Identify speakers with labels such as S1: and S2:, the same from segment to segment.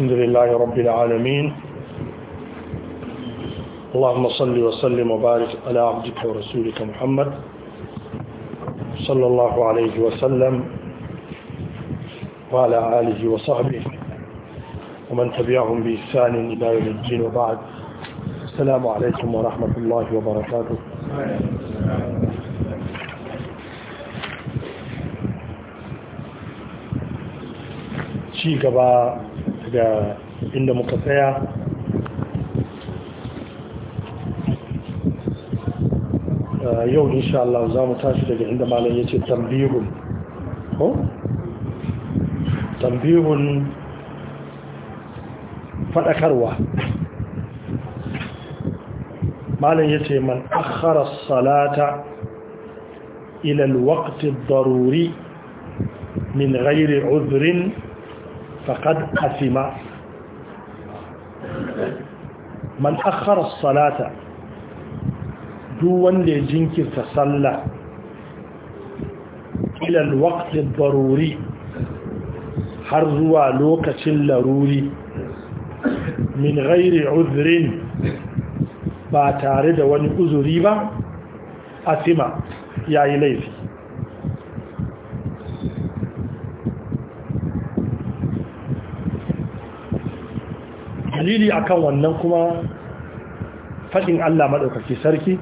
S1: الحمد لله رب العالمين اللهم صل وسلم وبارك على عبدك ورسولك محمد صلى الله عليه وسلم وعلى آله وصحبه ومن تبعهم بإحسان إلى يوم الدين وبعد السلام عليكم ورحمة الله وبركاته ci gaba da inda muka tsaya yau insha Allah za mu tashi daga inda malam ya ce tambihun ko? tambihun faɗakarwa malam ya ce man akhara salata ila alwaqti daruri min ghairi udhrin faqad asima man akhara salata duk wanda ya jinkirta sallah ila alwaqti daruri har zuwa lokacin laruri min gairi udhrin ba tare da wani uzuri ba asima yayi laifi dalili akan wannan kuma fadin Allah maɗaukaki sarki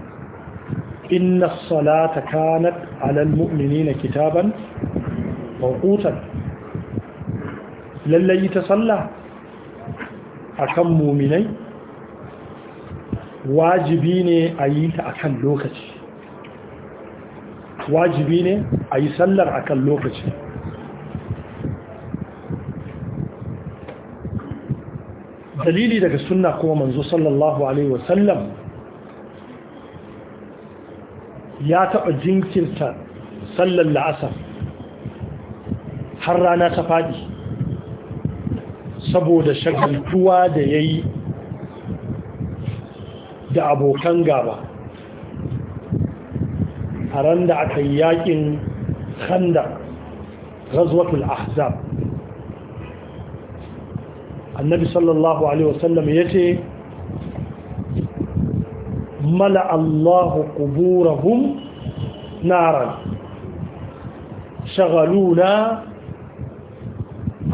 S1: inna salata kanat alal na kitaban mawqutan lallai ta salla kan mu'minai wajibi ne a yi ta akan lokaci wajibi ne a yi sallar akan lokaci dalili daga sunna kuma manzo sallallahu alaihi wasallam ya taɓa jinkirta sallar la'asar har rana ta faɗi saboda shagaltuwa da ya yi da abokan gaba a ran da aka yi yakin khanda razwatul ahzab annabi sallallahu alaihi wasallam ya mala allahu kuburahum naran shagaluna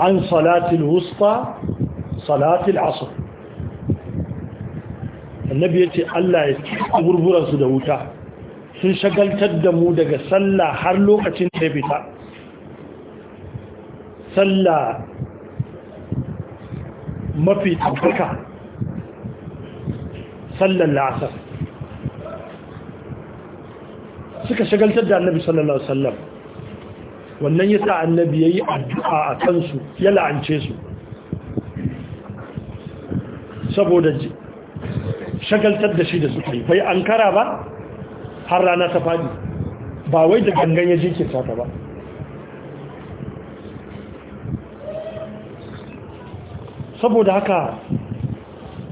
S1: an salati wusta salati alasr annabi ya ce allah ya su da wuta sun shagaltar da mu daga sallah har lokacin da fita sallah mafi tafarka sallar la'asar suka shagaltar da annabi sallallahu alaihi wannan ya sa annabi ya yi addu'a a kansu ya la'ance su saboda shagaltar da shi da suka yi bai an kara ba har rana ta faɗi ba wai da gangan ya jinkirta sata ba saboda haka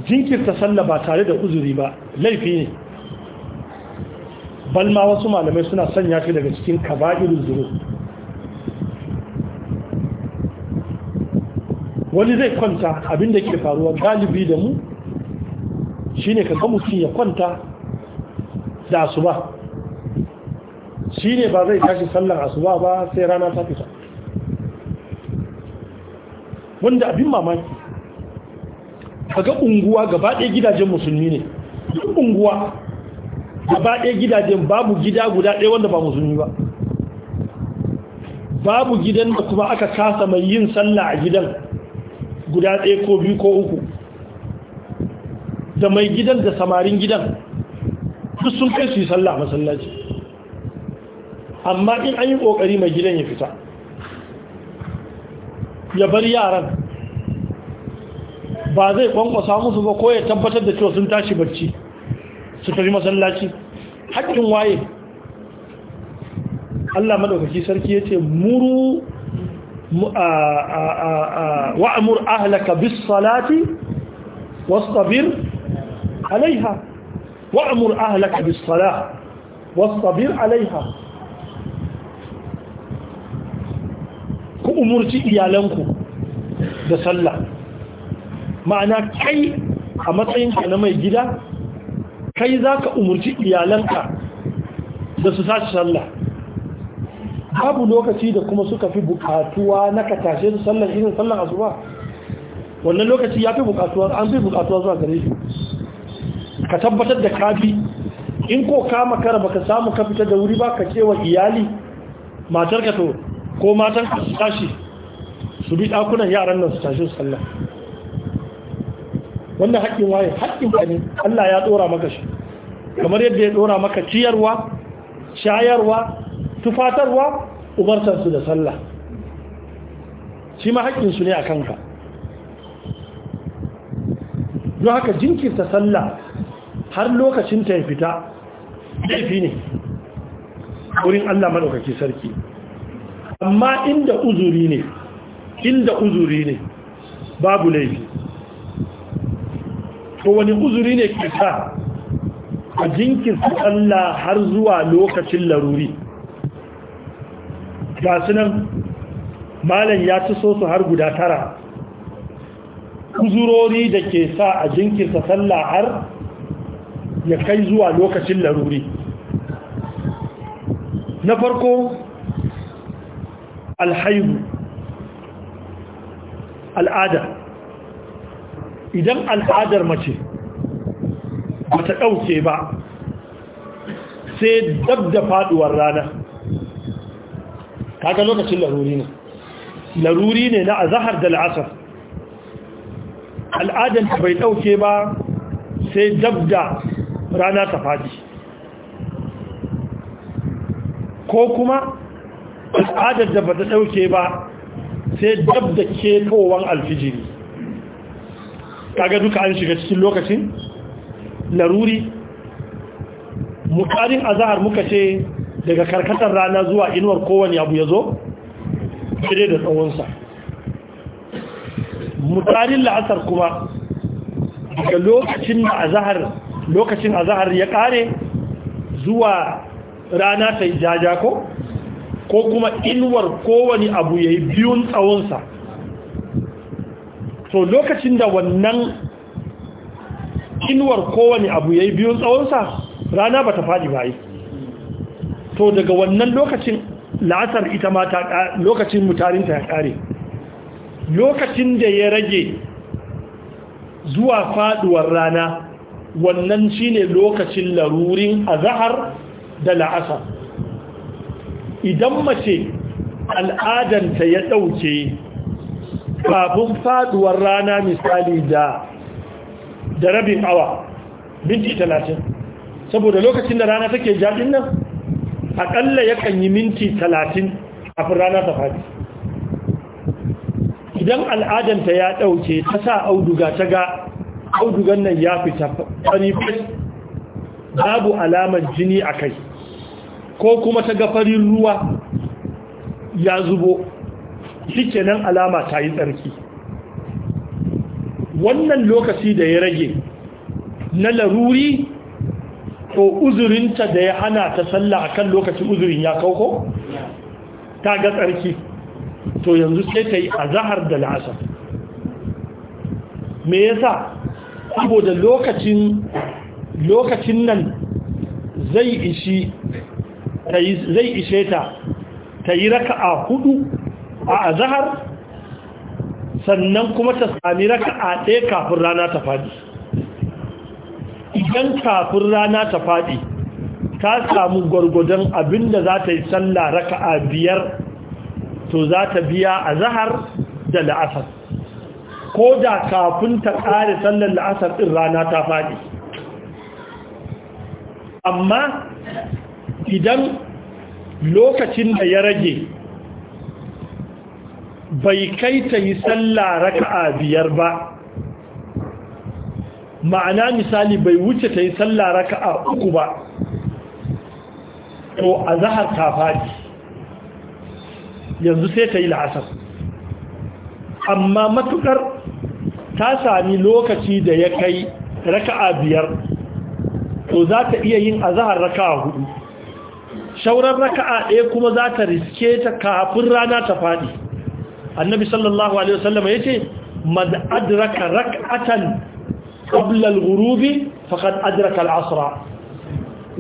S1: jinkirta sallah ba tare da uzuri ba laifi ne balma wasu malamai suna sanya shi daga cikin kaba'ir zuru wani zai kwanta abinda ke faruwa galibi da mu shine ka mutum ya kwanta da asuba shine ba zai tashi sallar asuba ba sai rana ta fita wanda abin mamaki kaga unguwa gaba ɗaya gidajen musulmi ne duk unguwa gaba ɗaya gidajen babu gida guda ɗaya wanda ba musulmi ba babu gidan da kuma aka kasa mai yin sallah a gidan guda ɗaya ko biyu ko uku da mai gidan da samarin gidan duk sun kai su yi sallah masallaci amma in an yi ƙoƙari mai gidan ya fita ya bar yaran ba zai kwankwasa musu ba ko ya tabbatar da cewa sun tashi barci su tafi masallaci haƙƙin waye Allah madaukaki sarki yace muru wa'amur ahlaka bis salati wastabir alaiha wa'mur ahlaka bis salah wastabir alaiha ku umurci iyalanku da sallah ma'ana kai a matsayinka na mai gida kai za ka umarci iyalanka da su sa sallah babu lokaci da kuma suka fi bukatuwa na ka tashe su sallar irin sallar asuba wannan lokaci ya fi bukatuwa an fi bukatuwa zuwa gare shi ka tabbatar da kafi in ko ka makara baka samu ka fita da wuri ba ka cewa iyali matar ka to ko matan ka su tashi su bi dakunan yaran nan su tashe su sallar wannan haƙƙin waye haƙƙin ka Allah ya dora maka shi kamar yadda ya dora maka ciyarwa shayarwa tufatarwa ubartar su da sallah shi ma haƙƙin su ne a kanka don haka jinkirta sallah har lokacin ta ya fita laifi ne wurin Allah maɗaukaki sarki amma inda uzuri ne inda uzuri ne babu laifi to wani uzuri ne ke sa a jinkirta sallah har zuwa lokacin laruri ga sunan malam ya ci so su har guda tara uzurori da ke sa a jinkirta sallah har ya kai zuwa lokacin laruri na farko alhaibu al'ada idan al'adar mace ba ta ɗauke ba sai dab da faɗuwar rana kaga lokacin laruri ne laruri ne na azahar da la'asar al'adar ta bai ɗauke ba sai dab da rana ta faɗi ko kuma al'adar da ba ta ɗauke ba sai dab da ketowar alfijiri kaga duka an shiga cikin lokacin laruri mukarin azahar muka ce daga karkatar rana zuwa inuwar kowane abu ya zo daidai da tsawonsa mutarin la'asar kuma daga lokacin azahar lokacin azahar ya kare zuwa rana ta jaja ko ko kuma inuwar kowane abu yayi yi biyun tsawonsa to lokacin da wannan inuwar kowane abu ya yi biyun tsawonsa rana ba ta faɗi ba to daga wannan lokacin la'asar ita ma ta lokacin mutarinta ya ƙare lokacin da ya rage zuwa faɗuwar rana wannan shine lokacin larurin azahar da la'asar idan mace al'adanta ya ɗauke kafin faduwar rana misali da da rabin awa minti talatin saboda lokacin da rana take jaɗin nan aƙalla yakan yi minti talatin kafin rana ta faɗi idan al'adanta ya ɗauke ta sa auduga ta ga audugan nan ya fita fari babu alamar jini a kai ko kuma ta ga farin ruwa ya zubo kenan alama ta yi tsarki wannan lokaci da ya rage na laruri ko uzurinta da ya hana ta sallah akan lokacin uzurin ya kauko ta ga tsarki to yanzu sai ta yi azahar da la'asar me yasa saboda lokacin lokacin nan zai ishe ta ta yi raka'a hudu a azahar, sannan kuma ta sami a ɗaya kafin rana ta faɗi idan kafin rana ta faɗi ta samu gwargwadon abinda za ta yi sallah a biyar to za ta biya zahar da la'asar ko da kafin ta ƙare sallar la'asar ɗin rana ta faɗi amma idan lokacin da ya rage bai kai ta yi sallah raka'a biyar ba ma'ana misali bai wuce ta yi sallah raka'a uku ba to a zahar ta faɗi yanzu sai ta yi la'asar amma matukar ta sami lokaci da ya kai raka'a biyar to za ta iya yin a zahar raka'a hudu shauran raka'a ɗaya kuma za ta riske ta kafin rana ta faɗi annabi sallallahu alaihi wasallam yace mad adraka rak'atan qabla al-ghurubi faqad adraka al-asra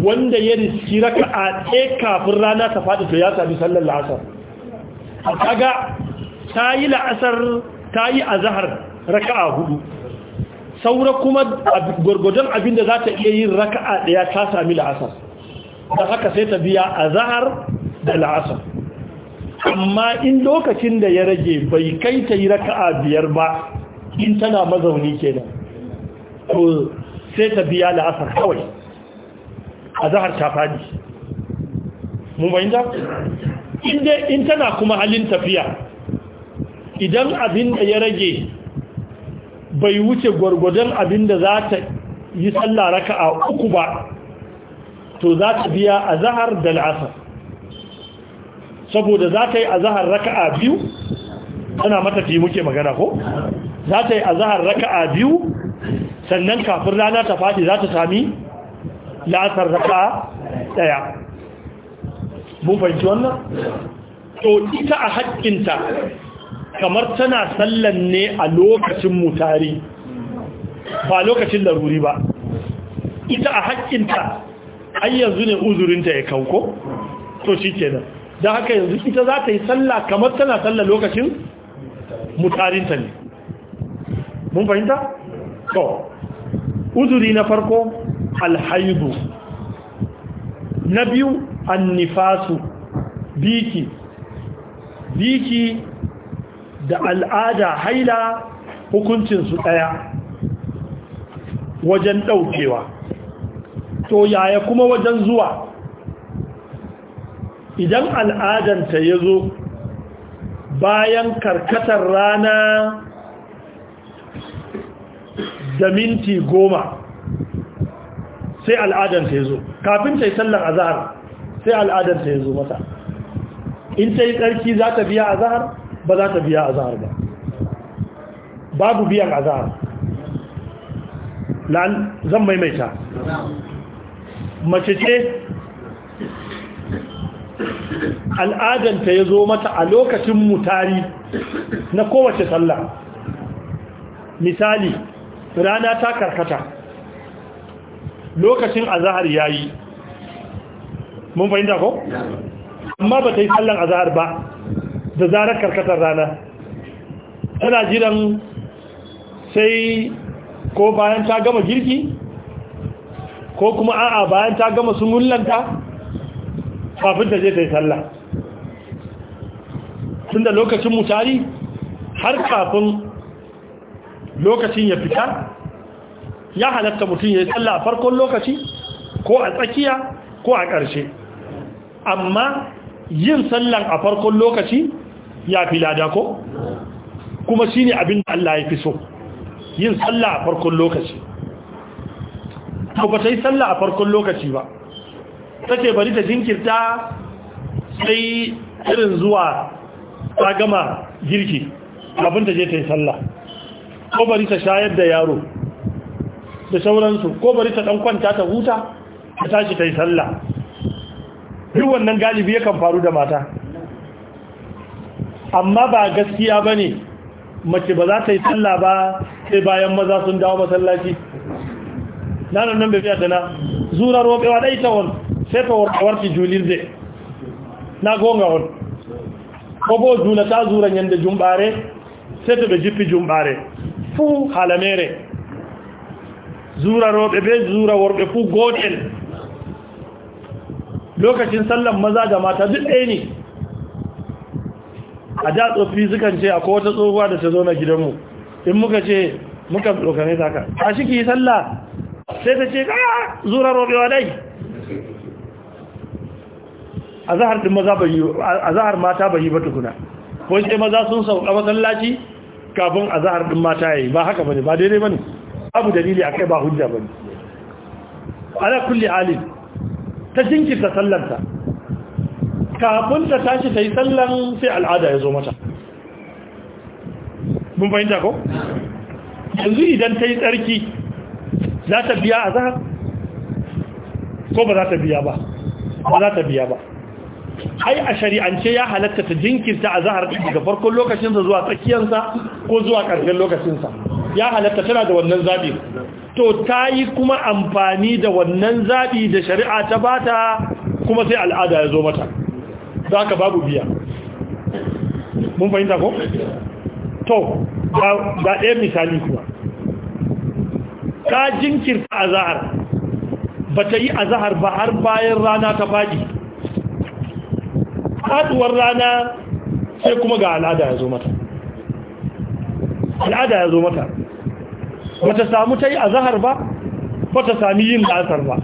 S1: wanda ya riski rak'a ɗaya kafin rana ta faɗi to ya sami sallar la'asar kaga ta yi asr ta yi azahar hudu saura kuma gwargwadon abinda za ta iya yin raka'a ɗaya ta sami la'asar da haka sai ta biya azahar da la'asar amma in lokacin da ya rage bai kai ta yi raka'a biyar ba in tana mazauni kenan ko sai ta biya la'asar kawai a zahar mu fadi da inda in tana kuma halin tafiya idan abin da ya rage bai wuce gwargwadon abin da za ta yi sallah raka'a uku ba to za ta biya a zahar da la'asar saboda za ta yi a azahar raka'a biyu ana matafi muke magana ko za ta yi a azahar raka'a biyu sannan kafin rana ta faɗi za ta sami latar raka'a ɗaya mun fahimci wannan to ita a haƙƙinta kamar tana sallan ne a lokacin mutari ba lokacin laruri ba ita a haƙƙinta ayyanzu yanzu ne uzurinta ya kauko to shi kenan don haka yanzu ita za ta yi sallah kamar tana sallah lokacin mutarinta ne mun fahimta? to uzuri na farko alhaibu na biyu annifasu biki biki da al'ada haila hukuncinsu ɗaya wajen ɗaukewa to yaya kuma wajen zuwa idan al'adanta ya zo bayan karkatar rana da minti goma sai al'adanta ya zo kafin ta yi sallar azahar sai al'adanta ya zo mata in ta yi tsarki za ta biya azahar ba za ta biya azahar ba babu biyan azahar zan maimaita mace ce al'adanta ya zo mata a lokacin mutari na kowace sallah misali rana ta karkata lokacin azahar ya yi mun fahimta ko? amma ba ta yi sallan azahar ba da zarar karkatar rana tana jiran sai ko bayan ta gama girki ko kuma a'a bayan ta gama sun kafin ta je ta yi sallah tun da lokacin mutari har kafin lokacin ya fita ya halatta mutum ya yi sallah a farkon lokaci ko a tsakiya ko a ƙarshe amma yin sallan a farkon lokaci ya fi lada ko kuma shi ne abin da Allah ya fi so yin sallah a farkon lokaci ba ta yi sallah a farkon lokaci ba take bari ta jinkirta sai irin zuwa ta gama girki abin ta je ta yi sallah ko bari ta shayar da yaro da sauransu ko bari ta ɗan kwanta ta huta ta tashi ta yi sallah duk wannan galibi yakan faru da mata amma ba gaskiya ba ne mace ba za ta yi sallah ba sai bayan maza sun dawo masallaci nanon nan bai fiye da na zurarwa robewa ɗai ta wani seto warti julirde na gonga on ko bo julata zura nyande jumbare seto be jippi jumbare fu hala mere zura robe be zura worbe fu gotel lokacin sallan maza da mata duk dai ne a da tsofi sukan ce akwai wata tsohuwa da ta zo na gidanmu in muka ce muka tsokane ta ka a shi ki yi sallah sai ta ce ka zura robewa dai Azahar din maza bai azhar mata bai ba tukuna ko sai maza sun sauka masallaci kafin azahar din mata yayi ba haka bane ba daidai bane abu dalili akai ba hujja bane ala kulli halin ta jinkirta sallarta kafin ta tashi ta yi sallan sai al'ada ya zo mata mun fahimta ko yanzu idan ta yi tsarki za ta biya a zahar ko ba za ta biya ba ba za ta biya ba ai a shari'ance ya halatta ta jinkirta a zahar daga farkon lokacinsa zuwa tsakiyarsa ko zuwa ƙarshen lokacinsa ya halatta tana da wannan zaɓi to ta yi kuma amfani da wannan zaɓi da shari'a ta bata kuma sai al'ada ya zo mata za ka babu biya mun fahimta ko? to ga ɗaya misali kuma ka jinkirta a zahar ba ta yi a zahar ba har bayan rana ta faɗi faduwar rana sai kuma ga al'ada ya zo mata al'ada ya zo mata wata samu ta yi a zahar ba bata sami yin la'asar ba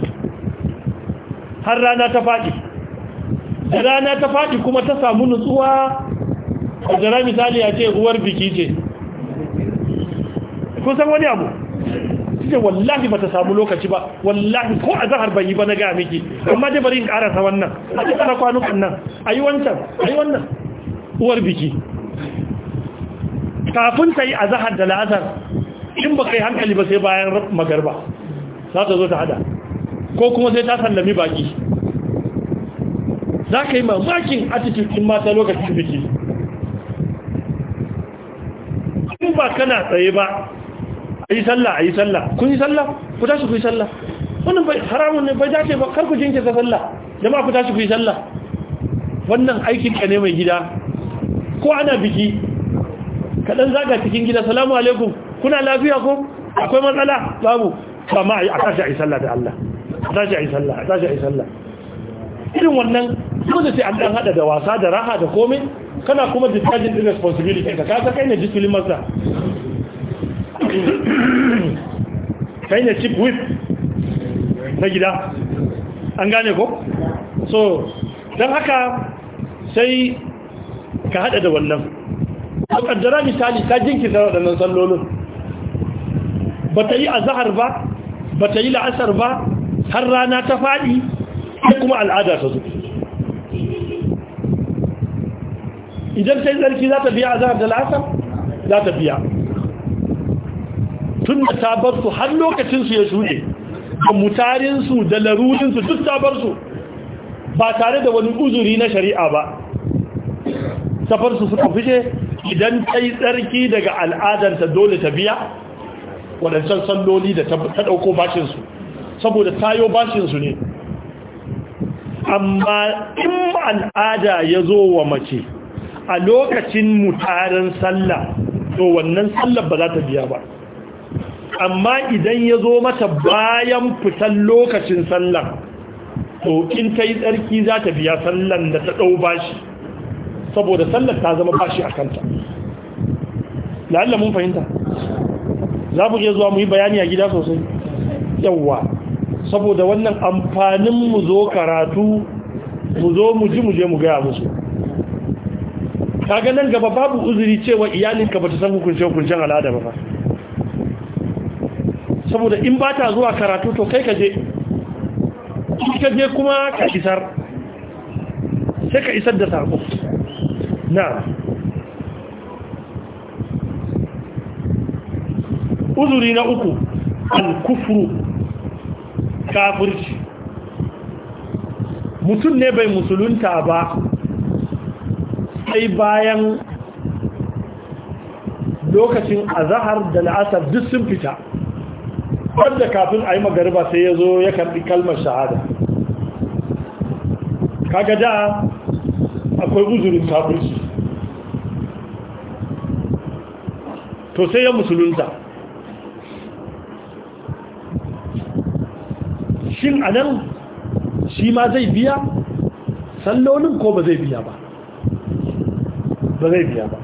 S1: har rana ta faɗi da rana ta faɗi kuma ta samu nutsuwa a jira misali ya ce uwar biki ce kusan wani abu ce wallahi ta samu lokaci ba wallahi ko a zahar bai yi ba na ga miki amma dai bari in karasa wannan a ci kana kwanukan nan a yi wancan a yi wannan uwar biki kafin ta yi a zahar da la'azar in ba kai hankali ba sai bayan magarba za ta zo ta hada ko kuma sai ta sallami baki za ka yi mamakin attitude in mata lokacin biki ba kana tsaye ba Ayi sallah ayi sallah kun yi sallah ku tashi ku yi sallah wannan bai haramun ne bai dace ba kar ku jinke ta sallah jama'a ku tashi ku yi sallah wannan aikin ka ne mai gida ko ana biki ka dan zaga cikin gida salamu alaikum kuna lafiya ko akwai matsala babu kama a tashi a yi sallah da Allah a tashi ayi sallah a tashi ayi sallah irin wannan dole sai an dan hada da wasa da raha da komai kana kuma discharging the responsibility ka kasa kai ne discipline master kai ne chip na gida an gane ko so don haka sai ka hada da wannan a kaddara misali ta da waɗannan sallolin ba ta yi a zahar ba ba ta yi la'asar ba har rana ta faɗi ko kuma al'ada ta zo idan sai zarki za ta biya a zahar da la'asar za ta biya tun da ta bar su har lokacinsu ya shuɗe da mutarin da larurinsu su duk ta bar su ba tare da wani uzuri na shari'a ba safar su suka fice idan ta yi tsarki daga al'adarta dole ta biya waɗancan salloli da ta ɗauko bashinsu saboda tayo bashinsu ne amma in al'ada ya zo wa mace a lokacin mutarin sallah to wannan sallar ba za ta biya ba amma idan ya zo mata bayan fitan lokacin sallar to in ta yi tsarki za ta biya sallar da ta ɗau bashi saboda sallar ta zama bashi a kanta la'alla mun fahimta za mu iya zuwa mu yi bayani a gida sosai yawwa saboda wannan amfanin mu zo karatu mu zo mu ji mu je mu gaya musu kaga nan gaba babu uzuri cewa iyalinka ba ta san hukuncin hukuncen al'ada ba saboda in ba ta zuwa karatu to kai ka je ka kuma ka isar sai ka isar da sako na uzuri na uku al-kufru kafirci mutum ne bai musulunta ba sai bayan lokacin azahar da la'asar duk sun fita da kafin a yi magariba sai ya zo ya karɓi kalmar shahada kaga da akwai uzurin sabunci to sai ya musulunta shin a nan shi ma zai biya sallonin ko ba zai biya ba ba zai biya ba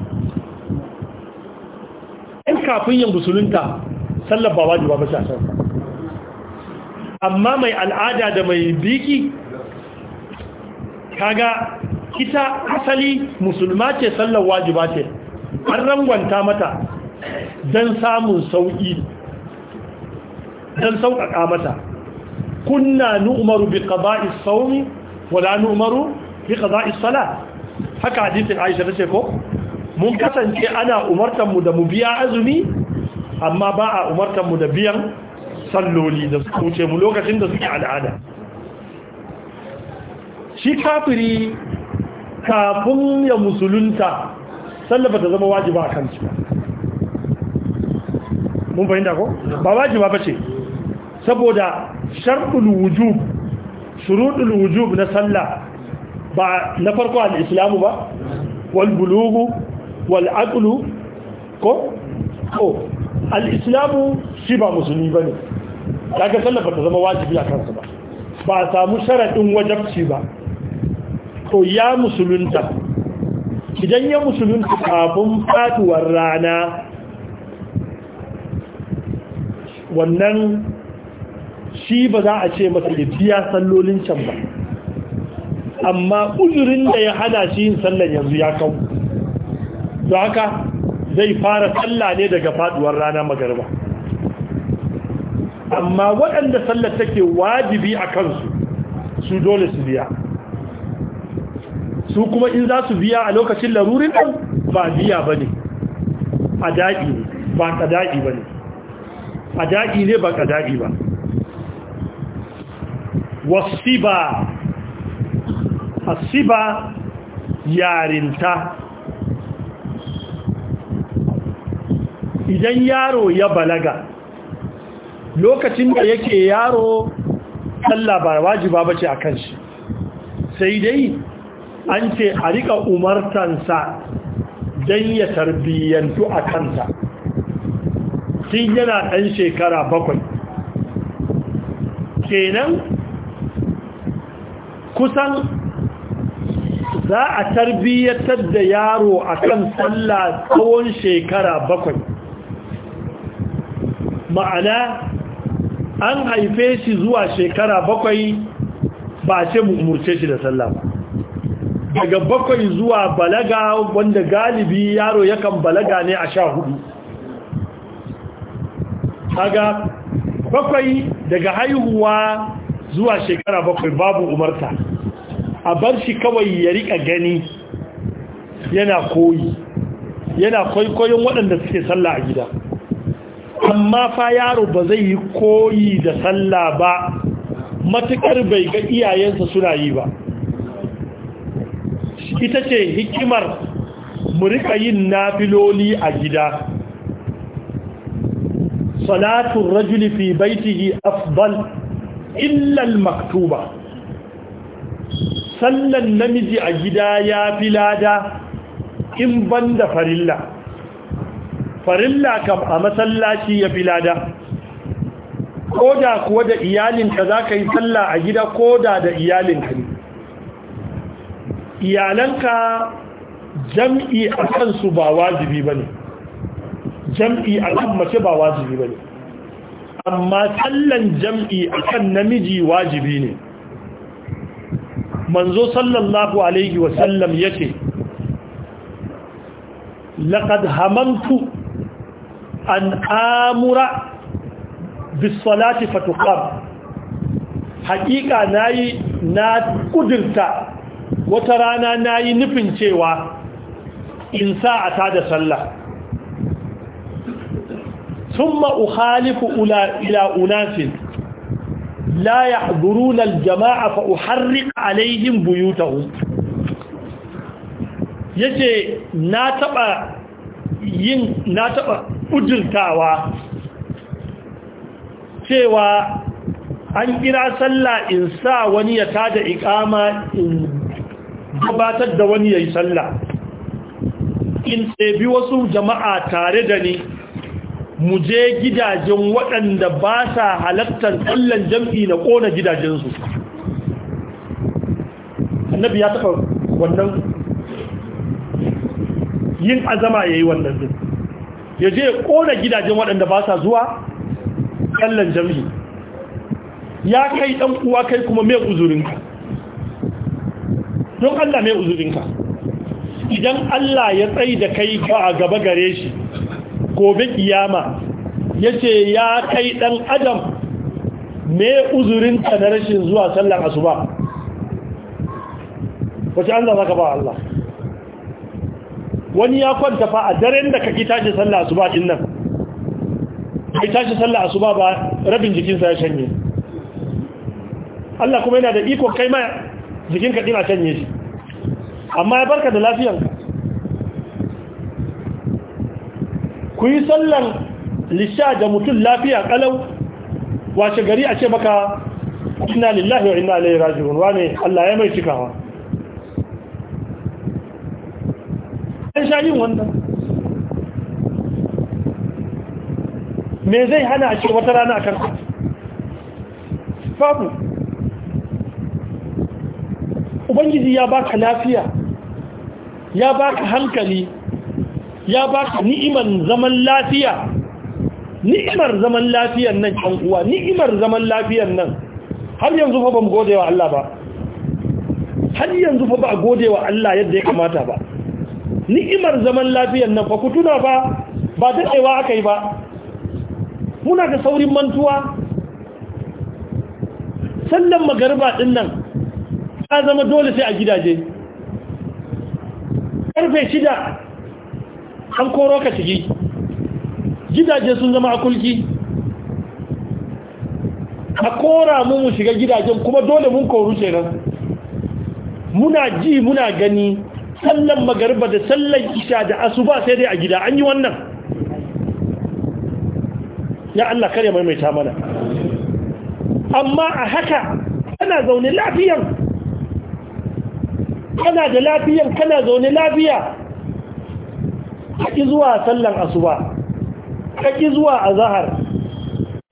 S1: in kafin yin musulunta sallar ba wajiba ba shi a amma mai al'ada da mai biki kaga kita asali musulma ce sallar wajiba ce an rangwanta mata don samun sauƙi don sauƙaƙa mata kunna nu'maru bi qada'i sawmi wala nu'maru bi qada'i salat haka hadithin Aisha tace ko mun kasance ana umartar mu da mu biya azumi amma ba a umartar mu da biyan salloli da suka wuce mu lokacin da suke al'ada shi kafiri kafin ya musulunta sallafa ta zama wajiba a kansu mun fahimta ko ba wajiba ba ce saboda sharɗul wujub shuruɗul wujub na sallah ba na farko al'islamu ba wal bulugu wal aqlu ko al'islamu shi ba musulmi ba ne daga sallar ba ta zama wajibi a kansu ba ba a samu sharaɗin wajabci ba to ya musulunta idan ya musulunta kafin faduwar rana wannan shi ba za a ce masa ya biya sallolin can ba amma uzurin da ya hana shi yin sallan yanzu ya kawo Za haka zai fara sallah ne daga faduwar rana magarba amma waɗanda sallar take wajibi a kansu su dole su biya su kuma in za su biya a lokacin larurin ɗan ba biya ba ne a daɗi ne ba daɗi ba ne a daɗi ne ba daɗi ba wasu ba a siba yarinta idan yaro ya balaga lokacin da yake yaro sallah ba wajiba bace akan shi sai dai an ce a rika umartansa don ya tarbiyyantu a kanta tun yana ɗan shekara bakwai kenan kusan za a tarbiyyatar da yaro a kan tsalla tsawon shekara bakwai ma'ana an haife shi zuwa shekara bakwai ba ce mu murce shi da sallah daga bakwai zuwa balaga wanda galibi yaro yakan balaga ne a sha hudu kaga bakwai daga haihuwa zuwa shekara bakwai babu umarta a bar shi kawai ya rika gani yana koyi yana kwaikwayon waɗanda suke sallah a gida amma fa yaro ba zai yi koyi da sallah ba matukar bai ga iyayensa suna yi ba ita ce hikimar mu yin nafiloli a gida salatun rajuli fi baitihi afbal illal maktuba sallan namiji a gida ya fi lada in banda farilla farilla kam a masallaci ya fi lada ko da kuwa da iyalinka za ka yi sallah a gida ko da da iyalinka ne iyalanka jam'i a kansu ba wajibi ba ne jam'i a kan mace ba wajibi ba ne amma sallan jam'i a kan namiji wajibi ne manzo sallallahu alaihi wasallam ya ce لقد هممت an amura bisalati fatuqam haƙiƙa nayi na kudirta wata rana nayi nufin cewa in sa a tada sallah thumma ukhalifu ula ila unasin la yahduruna aljamaa fa uharriq alaihim buyutahum yace na taba yin na taba bujultawa cewa an kira sallah in sa wani ya tada ikama in gabatar da wani ya yi sallah in tsebi wasu jama'a tare da ni mu je gidajen waɗanda ba sa halattar tsallon jam'i na ƙona gidajensu annabi ya taɓa wannan yin azama ya yi wannan zai ya je kona gidajen waɗanda ba sa zuwa kallon jami'i ya kai ɗan uwa kai kuma mai uzurinka don Allah mai uzurinka idan Allah ya tsaye da kai ba a gaba gare shi gobe kiyama ya ce ya kai ɗan adam mai uzurinka na rashin zuwa sallan asuba wace an za ka ba Allah wani ya kwanta fa a daren da kake tashi sallah asuba din nan kai tashi sallah asuba ba rabin jikinsa ya canye Allah kuma yana da iko kai ma jikinka din a canye shi amma ya barka da lafiyanka ku yi sallan lisha da mutum lafiya kalau wace gari a ce maka inna lillahi wa inna ilaihi raji'un wane Allah ya mai cikawa sha yin wannan me zai hana a ce wata rana a kan babu ubangiji ya baka lafiya ya baka hankali ya baka ni'imar zaman lafiya ni'imar zaman lafiyan nan kan uwa ni'imar zaman lafiyan nan har yanzu fa bamu gode wa Allah ba har yanzu fa ba gode wa Allah yadda ya kamata ba ni'imar zaman lafiyar nan fa ku tuna ba ba daɗewa aka yi ba muna da saurin mantuwa Sannan magarba din nan ta zama dole sai a gidaje Karfe shida an koro ka ciki gidaje sun zama a kulki? a kora mu mu shiga gidajen kuma dole mun koru kenan muna ji muna gani sallan magarba da sallan isha da asuba sai dai a gida an yi wannan ya Allah kare maimaita mana amma a haka kana zaune lafiyan kana da lafiyan kana zaune lafiya kaki zuwa sallan asuba kaki zuwa azhar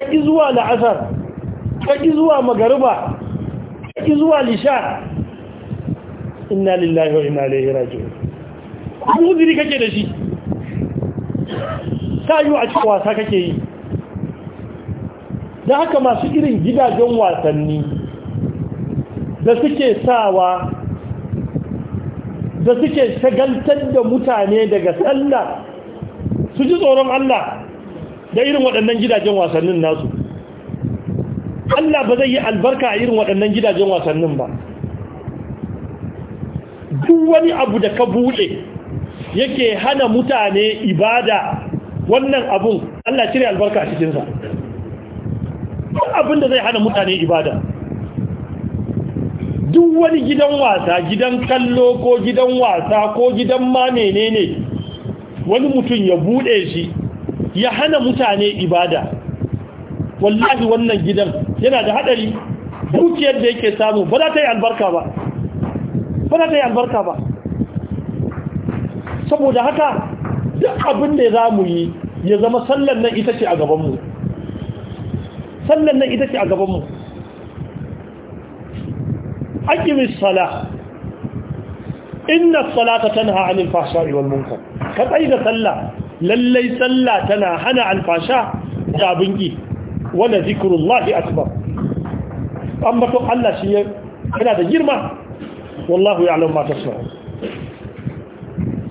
S1: kaki zuwa la'asar kaki zuwa magariba kaki zuwa lisha inna lillahi wa inna ilaihi raji'un kuma uzuri kake da shi ta yi a cikin wasa kake yi da haka masu irin gidajen wasanni da suke sawa da suke shagaltar da mutane daga sallah su ji tsoron Allah da irin waɗannan gidajen wasannin nasu Allah ba zai yi albarka a irin waɗannan gidajen wasannin ba duk wani abu da ka buɗe yake hana mutane ibada wannan abun Allah cire albarka a cikinsa duk abin da zai hana mutane ibada duk wani gidan wasa gidan kallo ko gidan wasa ko gidan ma menene wani mutum ya buɗe shi ya hana mutane ibada wallahi wannan gidan yana da haɗari dukiyar da yake samu ba za ta yi albarka ba ba za ta yi albarka ba saboda haka duk abin da za mu yi ya zama sallan nan ita ce a gabanmu sallan nan ita ce a gabanmu aqimis sala inna salata tanha 'anil fahsha'i wal munkar ka da sallah lallai sallah tana hana alfasha da abin ki wala zikrullahi akbar amma to Allah shi yana da girma wallahu ya'lam ma tasna'un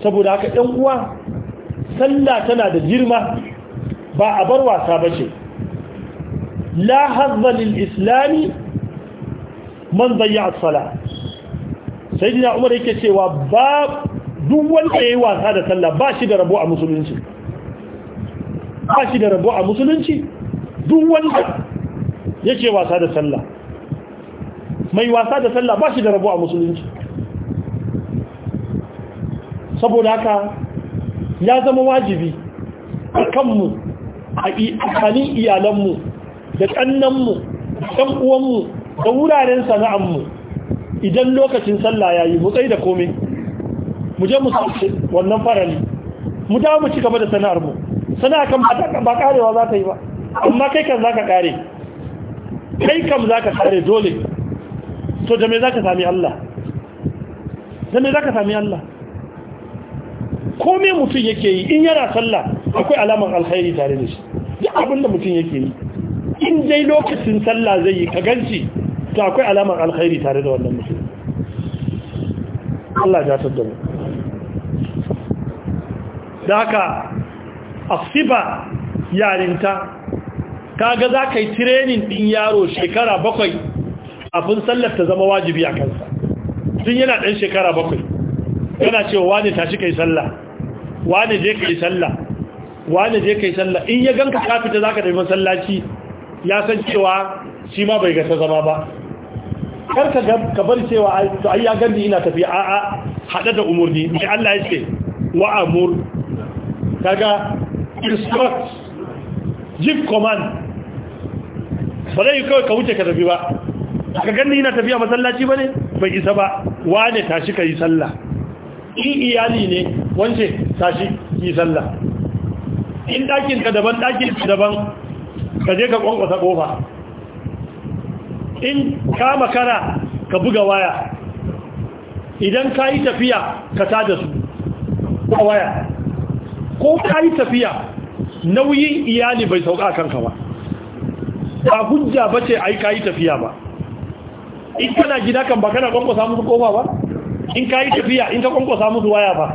S1: saboda haka ɗan uwa sallah tana da girma ba a bar wasa bace la hazza lil islami man dayya as-salah sayyidina umar yake cewa ba duk wanda yayi wasa da sallah ba shi da rabo a musulunci ba shi da rabo a musulunci duk wanda yake wasa da sallah mai wasa da sallah ba shi da rabo a musulunci saboda haka ya zama wajibi a kanmu a tsakanin iyalanmu da ƙannanmu da ɗan uwanmu da wuraren sana'anmu idan lokacin sallah ya yi mutsai da komai mu je mu wannan farali mu dawo mu ci gaba da sana'armu sana kan ba karewa za ta yi ba amma kai kan za ka kare kam za ka kare dole to da me za ka sami Allah da me za ka sami Allah kome mutum yake yi in yara sallah akwai alamar alkhairi tare da shi duk abin mutum yake yi in dai lokacin sallah zai yi ka gan ganci to akwai alamar alkhairi tare da wannan mutum Allah ya tada mu da haka asiba yarinta ka ga za ka yi tirenin din yaro shekara bakwai abin sallar ta zama wajibi a kansa tun yana ɗan shekara bakwai yana cewa wani tashi kai sallah wani je kai sallah wani je kai sallah in ya ganka ka fita zaka tafi masallaci ya san cewa shi ma bai ga ta zama ba kar ka ka bar cewa to ai ya gandi ina tafi a a hada da umurni mai Allah ya ce wa amur kaga instruct give command ba zai kawai ka wuce ka tafi ba aka ganin yana tafiya masallaci bane bai isa ba wane tashi ka yi sallah in iyali ne wance tashi yi sallah in ɗakin ka daban ɗakin ka daban ka je ka ƙwanƙwasa ƙofa. in ka makara ka buga waya idan ka yi tafiya ka tada su a waya ko ka yi tafiya nauyin iyali bai sauka kanka ba ba hujja ba ce a yi ka yi tafiya ba in kana gida kan ba kana kwankwasa musu kofa ba in ka yi tafiya in ka kwankwasa musu waya ba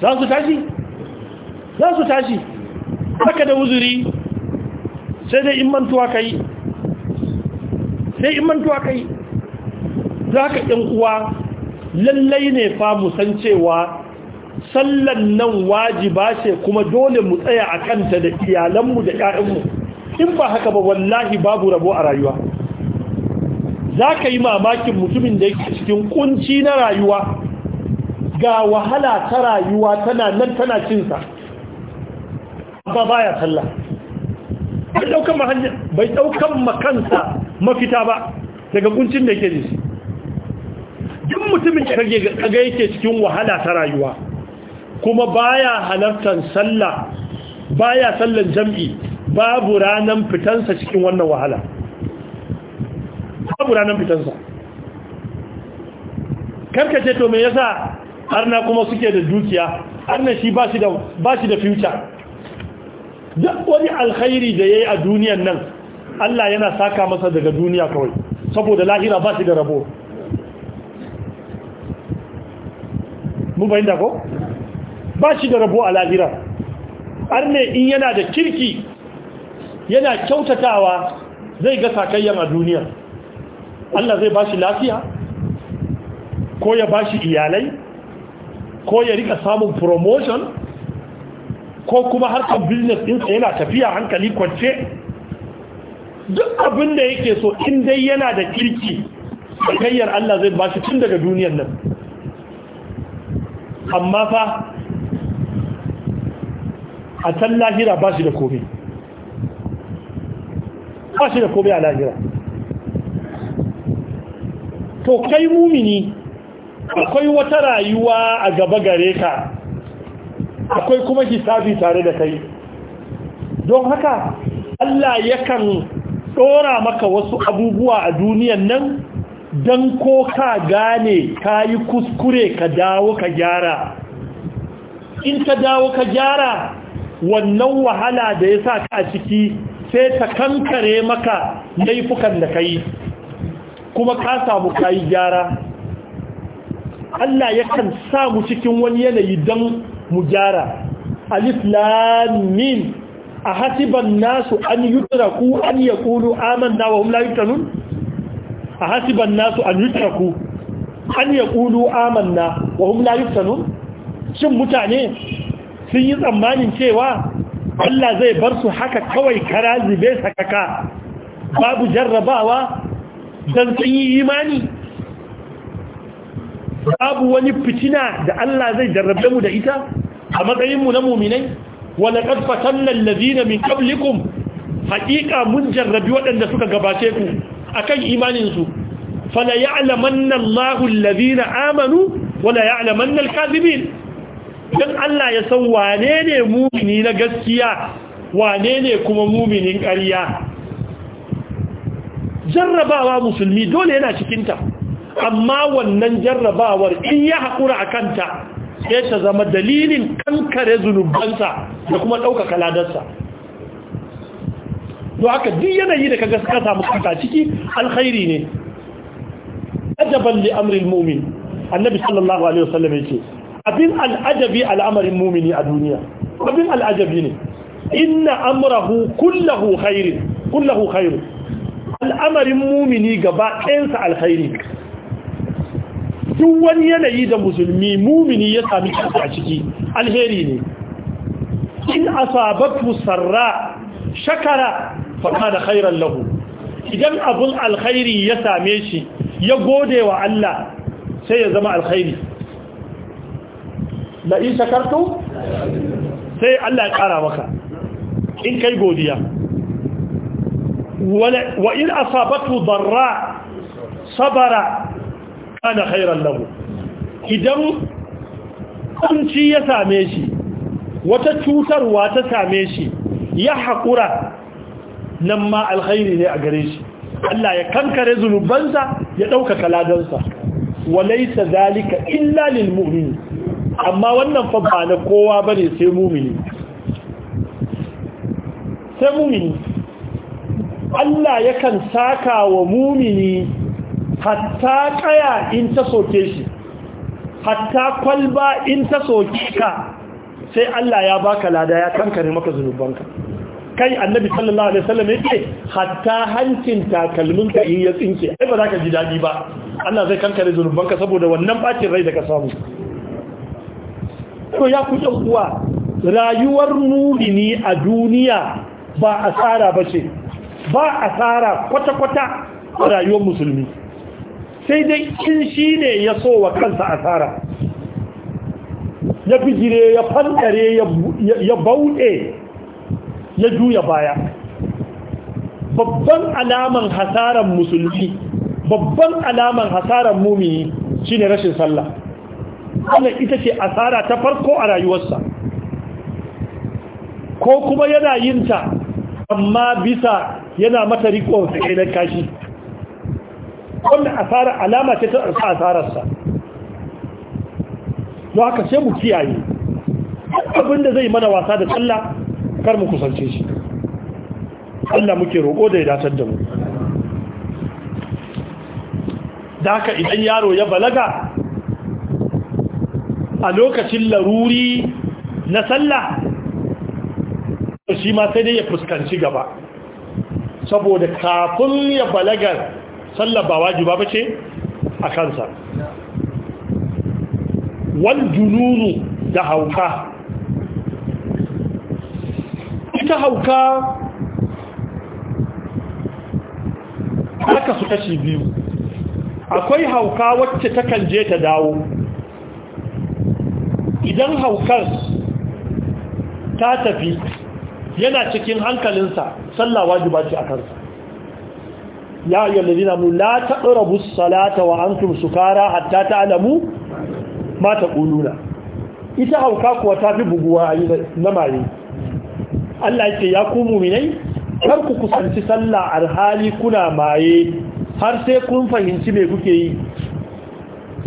S1: za su tashi za su tashi haka da wuzuri sai dai in mantuwa ka yi sai in mantuwa ka yi za ka ɗin uwa lallai ne fa musan cewa sallan nan wajiba ce kuma dole mu tsaya a kanta da iyalanmu da 'ya'yanmu in ba haka ba wallahi babu rabo a rayuwa za ka yi mamakin mutumin da yake cikin kunci na rayuwa ga wahala ta rayuwa tana nan tana cinsa ba baya sallah bai daukan mahanya bai daukan makansa mafita ba daga kuncin da yake dashi duk mutumin da kaga yake cikin wahala ta rayuwa kuma baya halartar sallah baya sallan jam'i babu ranar fitansa cikin wannan wahala babu ranar fitansa karkace to me yasa arna kuma suke da dukiya arna shi ba shi da ba shi da future duk wani alkhairi da yayi a duniyan nan Allah yana saka masa daga duniya kawai saboda lahira ba shi da rabo mun da ko ba shi da rabo a lahira arne in yana da kirki yana kyautatawa zai ga sakayyan a duniya Allah zai bashi lafiya ko ya bashi iyalai ko ya rika samun promotion ko kuma harkar business dinsa yana tafiya hankali kwance duk abin da yake so in dai yana da kirki kayyar Allah zai bashi tun daga duniyar nan amma fa a tallahira lahira ba shi da komai ba shi da komai a lahira to kai mumini akwai wata rayuwa a gaba gare ka akwai kuma hisabi tare da kai don haka Allah ya kan ɗora maka wasu abubuwa a duniyan nan don ko ka gane ka yi kuskure ka dawo ka gyara in ka dawo ka gyara wannan wahala da ya sa ka a ciki sai ta kankare maka laifukan da ka yi kuma ka samu kayi gyara Allah yakan sa mu cikin wani yanayi don mu gyara alif lamin a hasiban nasu an yutraku an kulu, amanna wa hula la yuftanun a hasiban nasu an yutraku an kulu, amanna wa hula la yuftanun shin mutane sun yi tsammanin cewa Allah zai bar su haka kawai karazi bai sakaka babu jarrabawa don sun yi imani babu wani fitina da Allah zai jarrabe mu da ita a matsayinmu na muminai wala qad fatanna allazina min qablikum Haƙiƙa mun jarrabi waɗanda suka gabace ku akan imanin su fala ya'lamanna Allahu allazina amanu wala ya'lamanna nan kadhibin dan Allah ya san wane ne mumini na gaskiya wane ne kuma muminin ƙarya jarrabawa musulmi dole yana cikinta amma wannan jarrabawar in ya haƙura a kanta sai ta zama dalilin kankare zunubansa da kuma ɗaukaka ladarsa don haka duk yanayi da kaga suka samu kanta ciki alkhairi ne ajaban li amril mu'min annabi sallallahu alaihi wasallam yake abin al'ajabi al'amarin mu'mini a duniya abin al'ajabi ne inna amrahu kullahu khairin kullahu khairin al'amarin mumini gaba ɗayansa alkhairi duk wani yanayi da musulmi mumini ya sami ciki a ciki alheri ne in asabatu sarra shakara fa da khairan lahu idan abun alkhairi ya same shi ya gode wa Allah sai ya zama alkhairi la shakartu sai Allah ya kara maka in kai godiya wa in asabatu darra sabara kana khairan lahu idan kunci ya same shi wata cutarwa ta same shi ya haƙura nan ma alkhairi ne a gare shi Allah ya kankare zunubansa ya ɗaukaka ladansa walaisa zalika illa lil mu'mini amma wannan fa ba na kowa bane sai mu'mini Allah yakan saka wa mumini hatta kaya in ta soke shi hatta kwalba in ta soke ka sai Allah ya baka lada ya kankare maka zunubanka kai annabi sallallahu alaihi wasallam yake hatta hancin takalminka in ya tsinke ai ba za ka ji dadi ba Allah zai kankare zunubanka saboda wannan bacin rai da ka samu to ya kuɗe kuwa rayuwar mumini a duniya ba asara bace ba asara kwata-kwata a rayuwar musulmi sai dai in shi ne ya so wa kansa asara ya bijire ya fankare ya bauɗe ya juya baya babban alaman hasaran musulmi babban alaman hasaran mumini shine rashin sallah wannan ita ce asara ta farko a rayuwarsa ko kuma yana yinta amma bisa yana mata riko da na kashi wannan asara alama ce ta arsa asararsa don haka sai mu kiyaye Abin da zai mana wasa da tsalla kar mu kusance shi Allah muke roƙo da ya datar da mu da haka idan yaro ya balaga a lokacin laruri na sallah shi ma sai dai ya fuskanci gaba saboda kafin ya balagar sallar ba wajiba ba ce a kansa wal jununu da hauka ita hauka aka su kashi biyu akwai hauka wacce takan je ta dawo idan haukar ta tafi yana cikin hankalinsa sallah wajiba ce a kansa ya ayyuhal ladina mu la taqrabu salata wa antum sukara hatta ta'lamu ma taquluna ita hauka kuwa ta fi buguwa na mare Allah yake ya ku mu'minai kar ku kusanci sallah alhali kuna maye har sai kun fahimci me kuke yi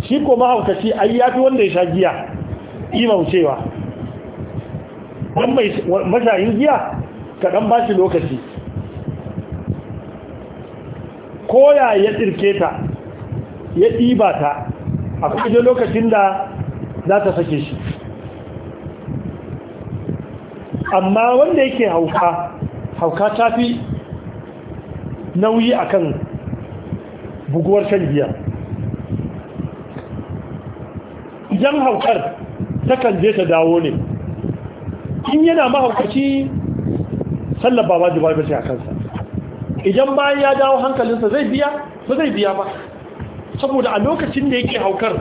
S1: shi ko mahaukaci ai yafi wanda ya sha giya imaucewa mai mashayin giya ka ɗan ba shi lokaci koya ya tsirke ta ya ɗiba ta a kuje lokacin da za ta sake shi amma wanda yake hauka hauka ta fi nauyi akan buguwar shan giya idan haukar takan je ta dawo ne in yana mahaukaci sallar ba wajiba ba ce a kansa idan bayan ya dawo hankalinsa zai biya ba zai biya ba saboda a lokacin da yake haukar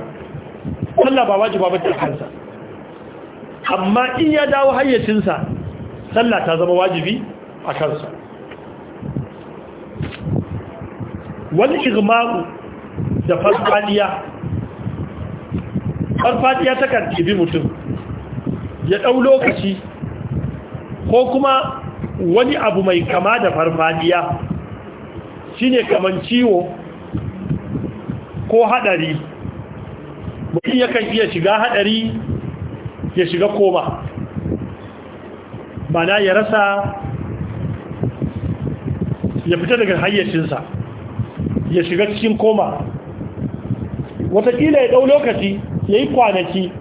S1: sallar ba wajiba ba ce a kansa amma in ya dawo hayyacinsa sallar ta zama wajibi a kansa wani igma'u da farfadiya farfadiya kan ibi mutum ya ɗau lokaci ko kuma wani abu mai kama da farfadiya shine kaman ciwo ko haɗari mutum yakan iya shiga haɗari ya shiga koma mana ya rasa ya fita daga hayyacinsa ya shiga cikin koma watakila ya ɗau lokaci ya yi kwanaki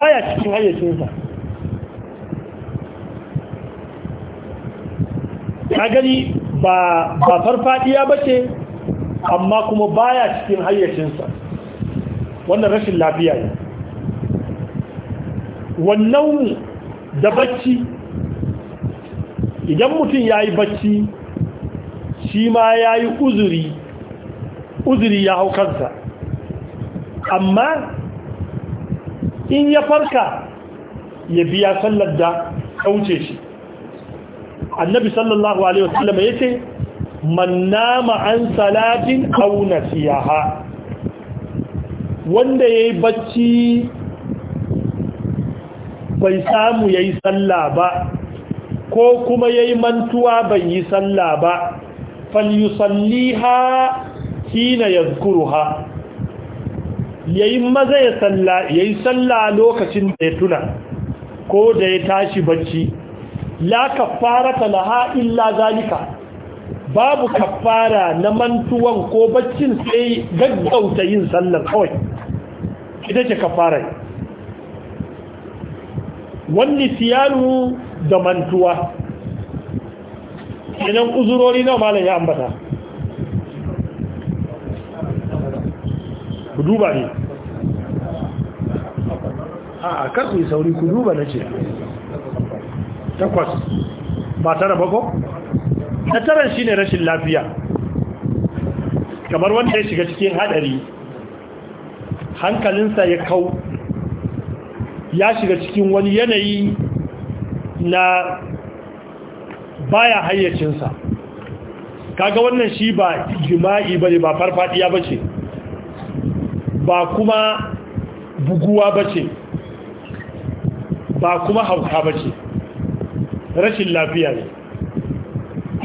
S1: baya cikin hayyacinsa ka gani ba farfadiya ba ce amma kuma baya cikin hayyacinsa wannan rashin lafiya ne wannan da bacci idan mutum ya yi bacci shi ma ya yi uzuri uzuri ya hau kansa amma in ya farka ya biya sallar da kauce shi annabi sallallahu alaihi wasallam yace man nama an salatin aw nasiyaha wanda yayi bacci bai samu yayi sallah ba ko kuma yayi mantuwa bai yi sallah ba falyusalliha hina yadhkuruha yayi maza ya salla yayi sallah lokacin da ya tuna ko da ya tashi bacci la kaffarata laha illa zalika babu kaffara na mantuwan ko baccin sai gaggauta yin sallar kawai ita ce kaffara wani siyanu da mantuwa idan uzurori na malam ya ambata ku duba ne a kar ku yi sauri ku duba na ce takwas ba tara ba ko na taran shine rashin lafiya kamar wanda ya shiga cikin hadari hankalinsa ya kau ya shiga cikin wani yanayi na baya hayyacinsa kaga wannan shi ba jima'i bane ba farfadiya bace ba kuma buguwa bace ba kuma hauka bace rashin lafiya ne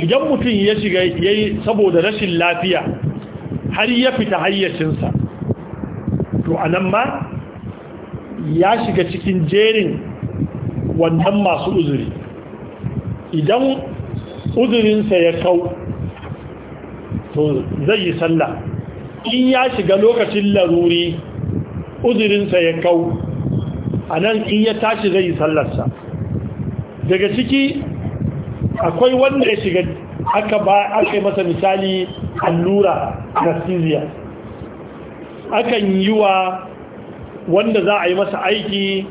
S1: idan mutum ya shiga yi saboda rashin lafiya har ya fita hayyacinsa to a nan ma ya shiga cikin jerin wannan masu uzuri idan uzurinsa ya kau to zai yi sallah in ya shiga lokacin laruri uzurinsa ya kau a nan in ya tashi zai yi sallarsa daga ciki akwai wanda ya shiga aka ba aka yi masa misali allura anesthesia akan yi wa wanda za a yi masa aiki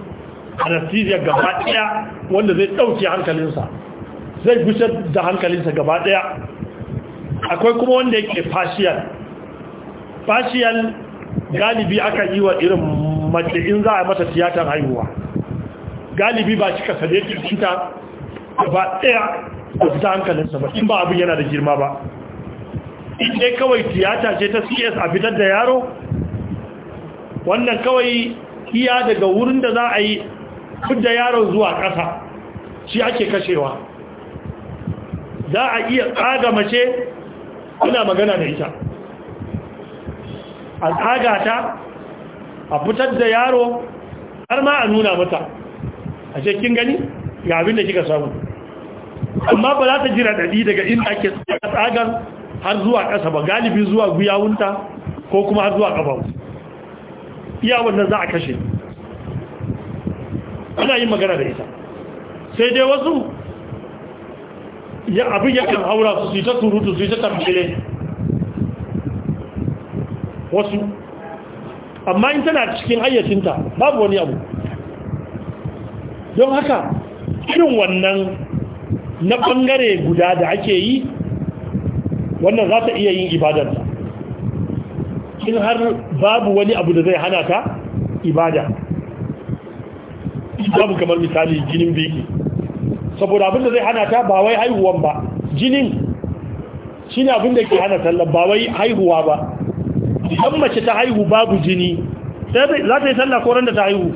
S1: anesthesia gaba daya wanda zai dauke hankalinsa zai gusar da hankalinsa gaba daya akwai kuma wanda ya ke fashiyar fashiyar galibi aka yi wa irin mace in za a masa tiyatar haihuwa galibi ba cika sade cuta ba ɗaya da fita hankalinsa ba in ba abin yana da girma ba in dai kawai tiyata ce ta cs a fitar da yaro wannan kawai iya daga wurin da za a yi fidda yaron zuwa ƙasa shi ake kashewa za a iya tsaga mace kuna magana da ita a tsaga ta a fitar da yaro har ma a nuna mata a kin gani ga abin da kika samu amma ba za ta jira dadi daga inda ake tsagar har zuwa ƙasa ba galibi zuwa guyawunta ko kuma har zuwa ƙafafu iya wannan za a kashe ana yin magana da ita sai dai wasu abin ya kan haura su yi ta surutu su yi ta tambile wasu amma in tana cikin ayyacinta babu wani abu don haka irin wannan na bangare guda da ake yi wannan za ta iya yin ibadarta in har babu wani abu da zai hana ta ibada babu kamar misali jinin biki saboda abin da zai hana ta ba wai haihuwan ba jinin shi ne abin da ke hana sallar ba wai haihuwa ba idan mace ta haihu babu jini za ta yi sallah koren da ta haihu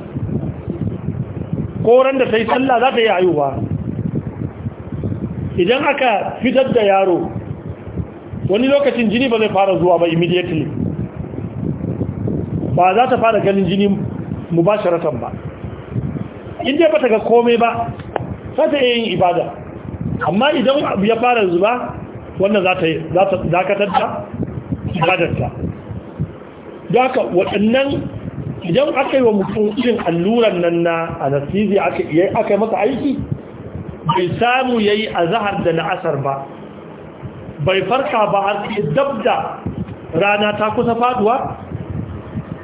S1: koran da ta yi sallah za ta yi ayuwa idan aka fitar da yaro wani lokacin jini ba zai fara zuwa ba immediately ba za ta fara ganin jini mu ba sharatan ba inda ba ta ga komai ba za ta yin ibada amma idan abu ya fara zuba wannan za ta dakatar da ibadarta da haka waɗannan idan aka yi wa mutum irin alluran nan na anastizi aka yi masa aiki bai samu ya yi a zahar da na'asar ba bai farka ba har sai dab da rana ta kusa faduwa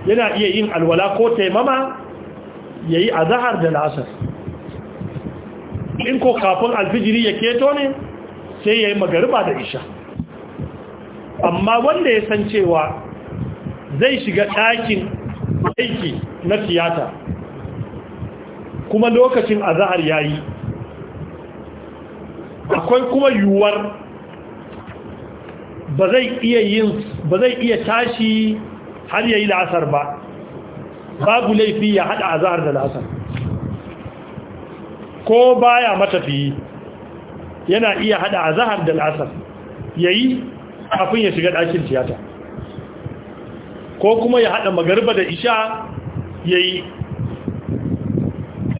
S1: yana iya yin alwala ko taimama ya yi a zahar da na'asar in ko kafin alfijiri ya keto ne sai ya yi magariba da isha amma wanda ya san cewa zai shiga ɗakin aiki na tiyata kuma lokacin azahar ya yi akwai kuma yiwuwar ba zai iya yin ba iya tashi har yayi la'asar ba babu laifi ya hada azahar da la'asar ko baya matafiyi yana iya haɗa azahar da la'asar yayi kafin ya shiga ɗakin tiyata ko kuma ya haɗa magarba da isha ya yi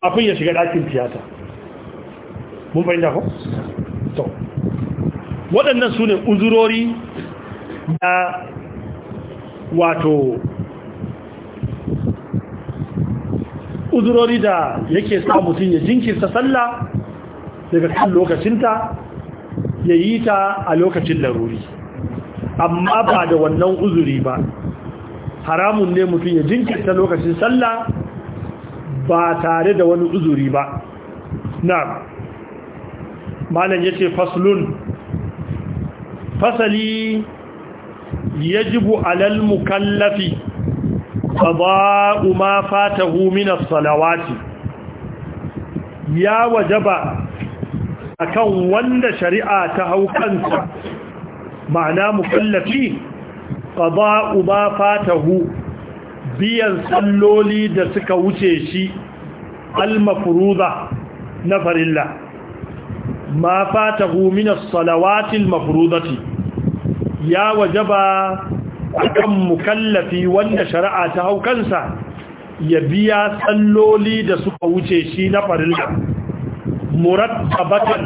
S1: abin ya shiga ɗakin tiyata mun fahimta ko? to waɗannan su ne uzurori da wato uzurori da yake sa mutum ya jinkirta sallah daga kan lokacinta ya yi ta a lokacin laruri amma ba da wannan uzuri ba haramun ne mutum ya jinkirta lokacin sallah ba tare da wani uzuri ba na malam yace faslun fasali yajibu alal mukallafi qada'u ma fatahu min as-salawati ya wajaba akan wanda shari'a ta haukanta ma'ana mukallafi qada'u uba fatahu biyan salloli da suka wuce shi al-mafruza na farilla ma fatahu min as-salawati al-mafruzati ya wajaba akan mukallafi wanda shari'a ta haukansa ya biya salloli da suka wuce shi na farilla murattabatan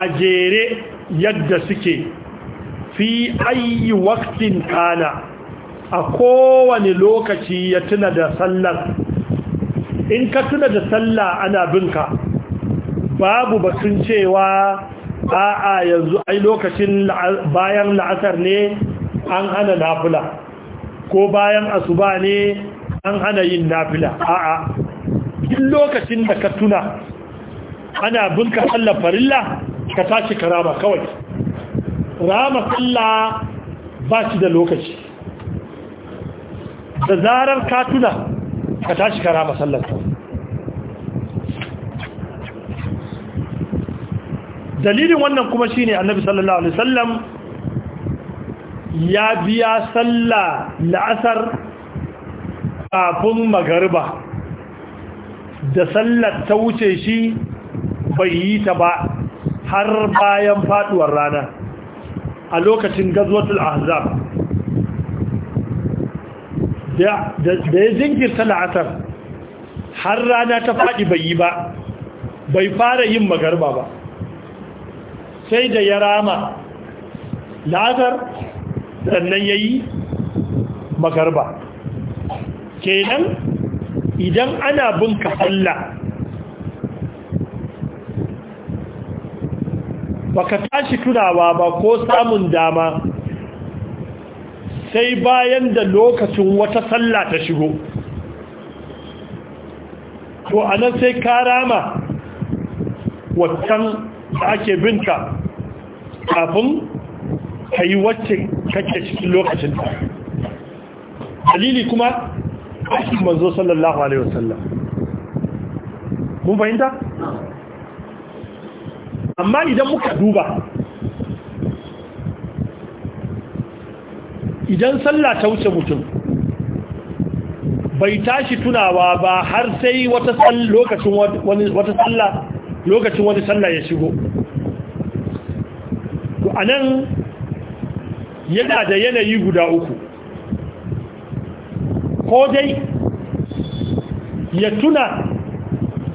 S1: a jere yadda suke fi ayi waktin kana a kowane lokaci ya tuna da sallar in ka tuna da sallar ana binka babu batun cewa a'a yanzu ai lokacin bayan la'asar ne an hana nafila ko bayan asuba ne an hana yin nafila a'a in lokacin da ka tuna ana binka sallar farilla ka tashi karama kawai rama sallah ba shi da lokaci da zarar ka tuna ka tashi ka rama sallar ka dalilin wannan kuma shine annabi sallallahu alaihi wasallam ya biya sallah la'asar kafin magariba da sallar ta wuce shi bai yi ta ba har bayan faduwar rana a lokacin gazwatul ahzab da ya zingirta la'asar har rana ta faɗi bai yi ba bai fara yin magarba ba sai da ya rama la'asar sannan ya yi magarba kenan idan ana bin ka Allah baka tashi tunawa ba ko samun dama sai bayan da lokacin wata sallah ta shigo to anan sai karama rama waccan da ake binta kafin ka yi wacce kake cikin lokacin ta dalili kuma ake manzo sallallahu alaihi wasallam mun fahimta? amma idan muka duba idan sallah ta wuce mutum bai tashi tunawa ba har sai wata lokacin lokacin wani sallah ya shigo to anan yana da yanayi guda uku ko dai ya tuna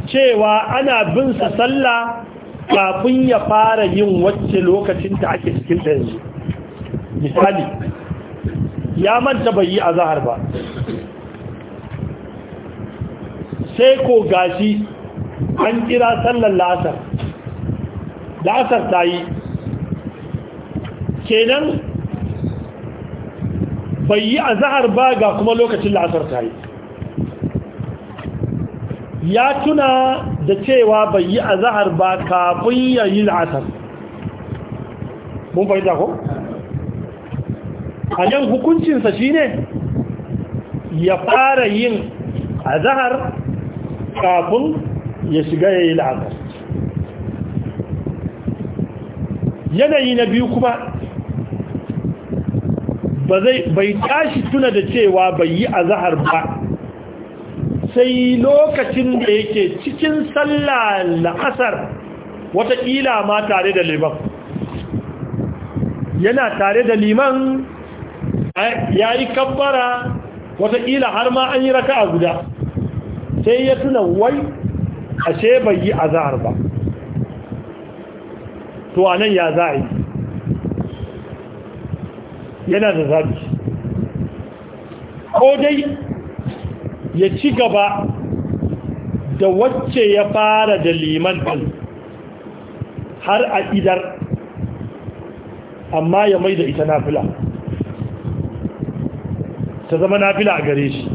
S1: cewa ana binsa sallah kafin ya fara yin wacce lokacin ta ake cikin ta yanzu misali ya manta bai yi azahar ba sai ko gashi an kira sallar lasar lasar ta yi kenan bai yi azahar ba ga kuma lokacin lasar ta yi ya tuna da cewa bai yi azahar ba kafin ya yi la'asar mun fahimta ko? a 'yan hukuncinsa shi ne ya fara yin azahar kafin ya shiga ya yi la'asar yanayi na biyu kuma bai tashi tuna da cewa bai yi azahar ba sai lokacin da yake cikin sallah la'asar wataƙila ma tare da liman yana tare da liman eh, ya yi kabbara wataƙila har ma an yi raka a guda sai ya tuna wai ashe bai yi azahar ba to a nan ya za a yi yana da zabi ko dai ya ci gaba da wacce ya fara da liman ɗin har a idar amma ya mai da ita nafila ta zama nafila a gare shi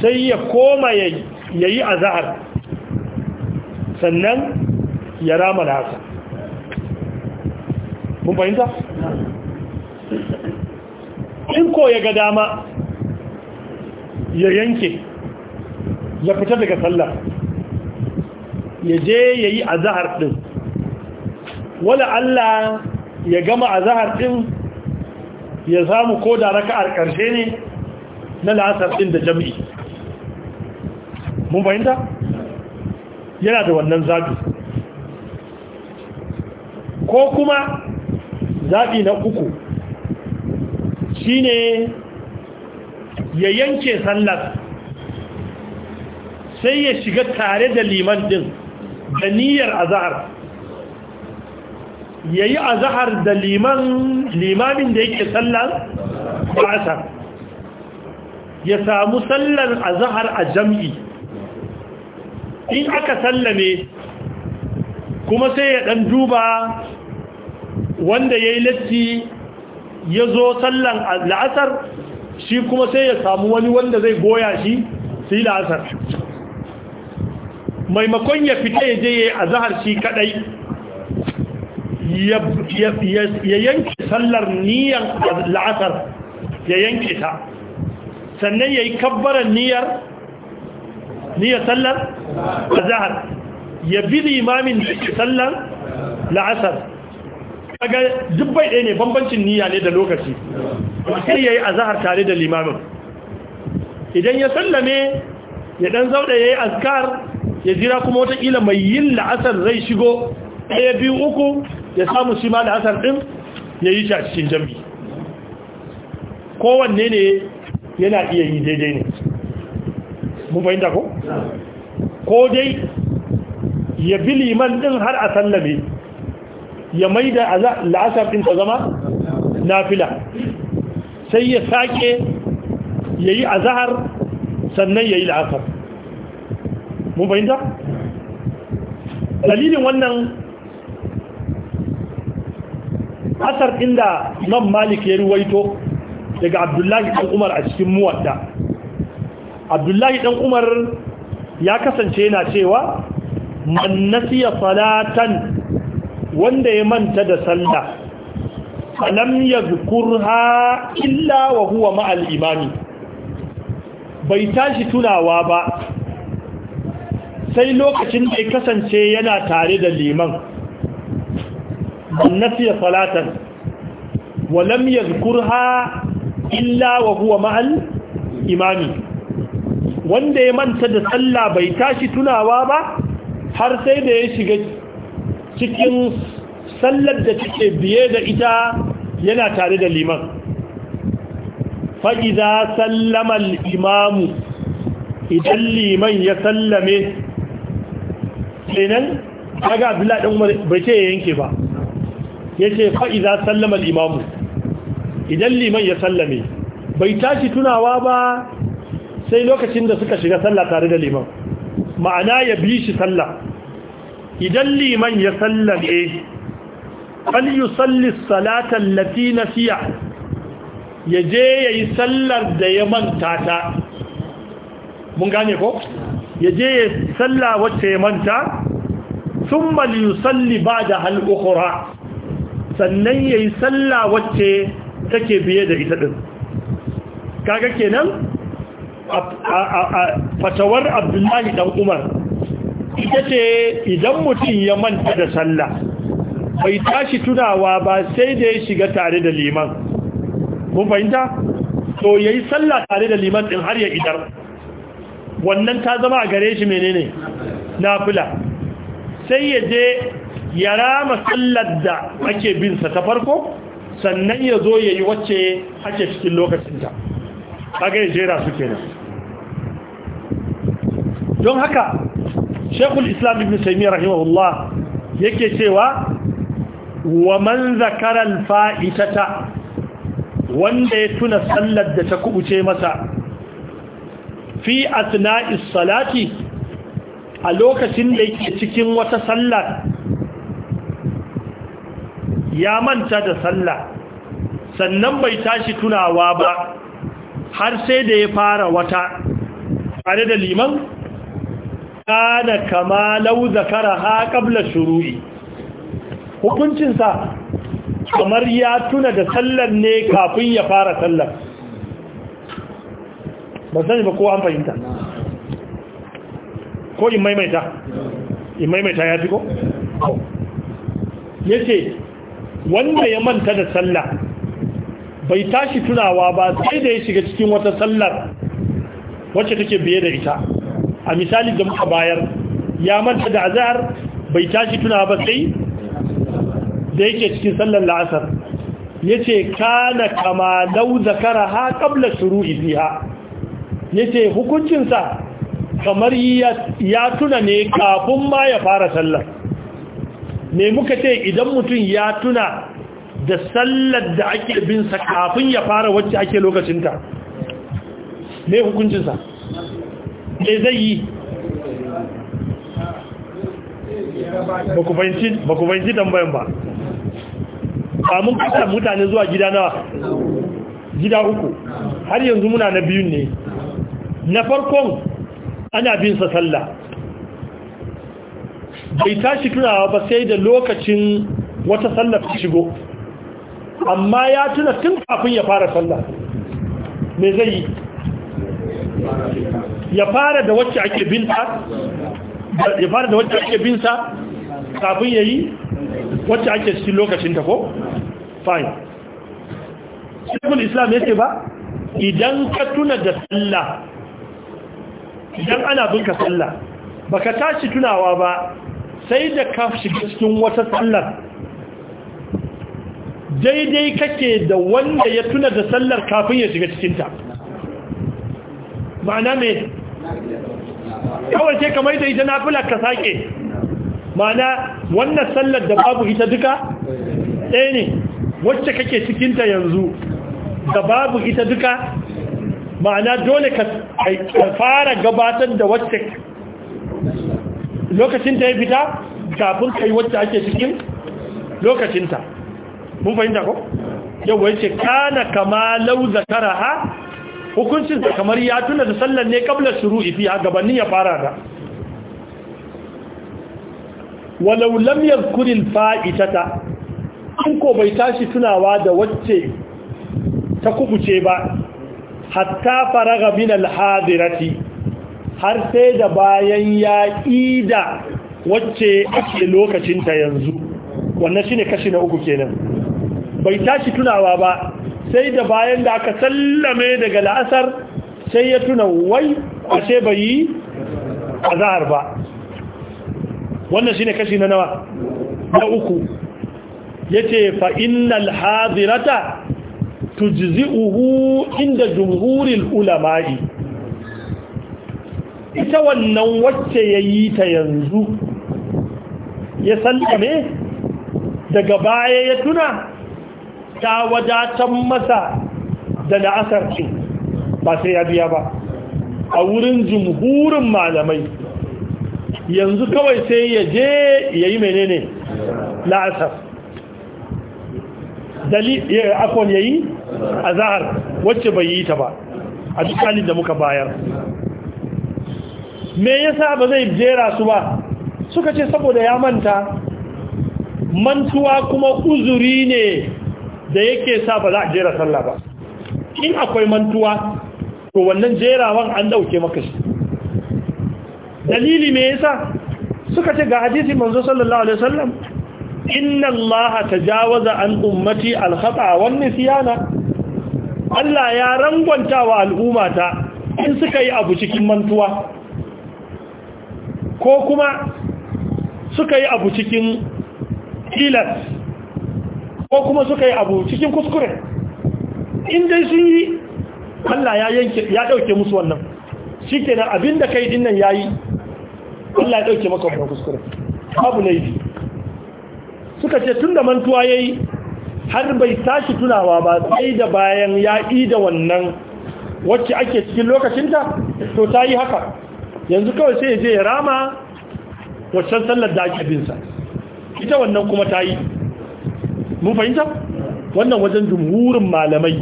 S1: sai ya koma ya yi a za'ar sannan ya rama nasa kun fahimta? in ko ya ga dama ya yanke ya fita daga sallah ya je ya yi azahar ɗin wala Allah ya gama azahar ɗin ya samu ko da raka'ar ƙarshe ne na la'asar ɗin da jami'i mun fahimta? yana da wannan zaɓi ko kuma zaɓi na uku shine ya yanke sallar sai ya shiga tare da liman din da niyyar azahar ya yi azahar da limamin da yake sallar ba'asar ya samu sallar azahar a jam'i in aka sallame kuma sai ya ɗan duba wanda ya yi latti ya zo sallar la'asar shi kuma sai ya samu wani wanda zai goya shi su yi la'asar maimakon ya fita ya je a zahar shi kadai ya yanke sallar niyan la'asar ya yanke ta sannan ya yi kabbaran niyar niyar sallar a zahar ya bi limamin da ke sallar la'asar kaga duk bai ɗaya ne bambancin niyya ne da lokaci sai yi azahar tare da limamin idan ya sallame ya ɗan dan ya yi askar ya jira kuma wata mai yin la'asar zai shigo ɗaya biyu uku ya samu shi ma la'asar ɗin yayi shi a cikin kowanne ne yana iya yi daidai ne mu fahimta ko ko dai ya bi liman ɗin har a sallame ya maida la'asar din ta zama fila. sai ya sake yayi azahar sannan yayi la'asar mun fahimta dalilin wannan asar inda imam malik ya ruwaito daga abdullahi dan umar a cikin muwadda abdullahi dan umar ya kasance yana cewa man nasiya salatan wanda ya manta da sallah alam yadhkurha illa wa huwa ma'al imami bai tashi tunawa ba sai lokacin da ya kasance yana tare da liman ya salatan wa lam yadhkurha illa wa huwa ma'al imami wanda ya manta da sallah bai tashi tunawa ba har sai da ya shiga cikin sallar da take biye da ita yana tare da liman fa'iza sallamar imamu idan liman ya sallame kenan daga abdullahi dan umar bai ce yanke ba ya ce fa'iza sallamar imamu idan liman ya sallame bai tashi tunawa ba sai lokacin da suka shiga sallah tare da liman ma'ana ya bi shi sallah idan liman ya sallame salli salatan lati fiya ya je ya yi sallar da ya manta ta mun gane ko ya je ya salla wacce ya manta sun salli ba da halukura sannan ya yi salla wacce take biye da ita ɗin kaga kenan a fatawar abdullahi ɗan umar ita ce idan mutum ya manta da sallah bai tashi tunawa ba sai da ya shiga tare da liman mun fahimta to yayi sallah tare da liman din har ya idar wannan ta zama a gare shi menene nafila sai ya je ya rama sallar da ake bin sa ta farko sannan ya zo yayi wacce ake cikin lokacinta ta kaga jera su kenan don haka shekul islam ibn taimiyar rahimahullah yake cewa wa man zakaran fa'itata wanda ya tuna sallar da ta kubuce masa fi asna'is salati a lokacin da yake cikin wata sallar ya manta da sallah sannan bai tashi tunawa ba har sai da ya fara wata tare da liman kana kama lau zakara ha kabla shuru'i hukuncinsa kamar ya tuna da sallar ne kafin ya fara sallar ba sani ba ko an fahimta ko in maimaita in maimaita ya fi ko? ya ce wanda ya manta da sallah bai tashi tunawa ba sai da ya shiga cikin wata sallar wacce take biye da ita a misali da muka bayar ya manta da azahar bai tashi tuna ba sai da yake cikin sallar la'asar Ya yace kana kama ha zakaraha shuru shuru'i ha? Ya ce hukuncinsa kamar ya tuna ne kafin ma ya fara sallar me muka ce idan mutum ya tuna da sallar da ake bin kafin ya fara wacce ake lokacinta me hukuncinsa me zai yi ba ku fahimci bayan ba kamun kasa mutane zuwa gida na gida uku har yanzu muna na biyun ne na farkon ana bin sallah bai tashi tunawa ba sai da lokacin wata sallah ta shigo amma ya tuna tun kafin ya fara sallah me zai yi ya fara da wacce ake binta ya fara da wacce ake binsa kafin yayi wacce ake cikin lokacin ta ko fine shekul islam yake ba idan ka tuna da sallah idan ana binka sallah baka tashi tunawa ba sai da ka shiga cikin wata sallar daidai kake da wanda ya tuna da sallar kafin ya shiga cikinta ma'ana me kawai sai kamar da ita fila ka sake ma'ana wannan sallar da babu ita duka ɗaya ne wacce kake cikinta yanzu da babu ita duka ma'ana dole ka fara gabatar da wacce lokacinta ya fita kafin kai wacce ake cikin lokacinta mun fahimta ko yau ce kana kama lau zakara ha hukuncin da kamar ya tuna da sallar ne kabla shuru'i a gabanin ya fara da walau lam yadhkur al fa'itata in ko bai tashi tunawa da wacce ta kubuce ba hatta faraga min al hadirati har sai da bayan ya ida wacce ake lokacinta yanzu wannan shine kashi na uku kenan bai tashi tunawa ba sai da bayan da aka sallame daga la'asar sai ya tuna wai ashe bai yi azahar ba wannan shine kashi na nawa na uku yace fa innal hadirata tujzi'uhu inda jumhuril ulama'i ita wannan wacce yayi ta yanzu ya sallame daga baya ya tuna ta wadatan masa da la'asar ce ba sai ya biya ba a wurin jumhurin malamai yanzu kawai sai ya je ya yi menene la'asar akwai ya yi a zahar wacce bai yi ta ba a dukkanin da muka bayar me yasa ba zai jera su ba suka ce saboda ya manta mantuwa kuma uzuri ne da yake sa ba za a jera sallah ba in akwai mantuwa to wannan jerawan an dauke maka shi dalili me yasa suka ce ga hadisi manzo sallallahu alaihi wasallam inna allah tajawaza an ummati al-khata wan nisyana Allah ya rangwanta wa al'ummata in suka yi abu cikin mantuwa ko kuma suka yi abu cikin ilas ko kuma suka yi abu cikin kuskure in dai sun yi Allah ya yanke ya dauke musu wannan abin abinda kai dinnan ya yi. Allah ya dauke maka wannan kuskure babu laifi suka ce tun da mantuwa yayi har bai tashi tunawa ba sai da bayan ya yi da wannan wacce ake cikin lokacinta to ta yi haka yanzu kawai sai ya je ya rama waccan sallar da ake binsa ita wannan kuma ta yi mun fahimta wannan wajen jumhurin malamai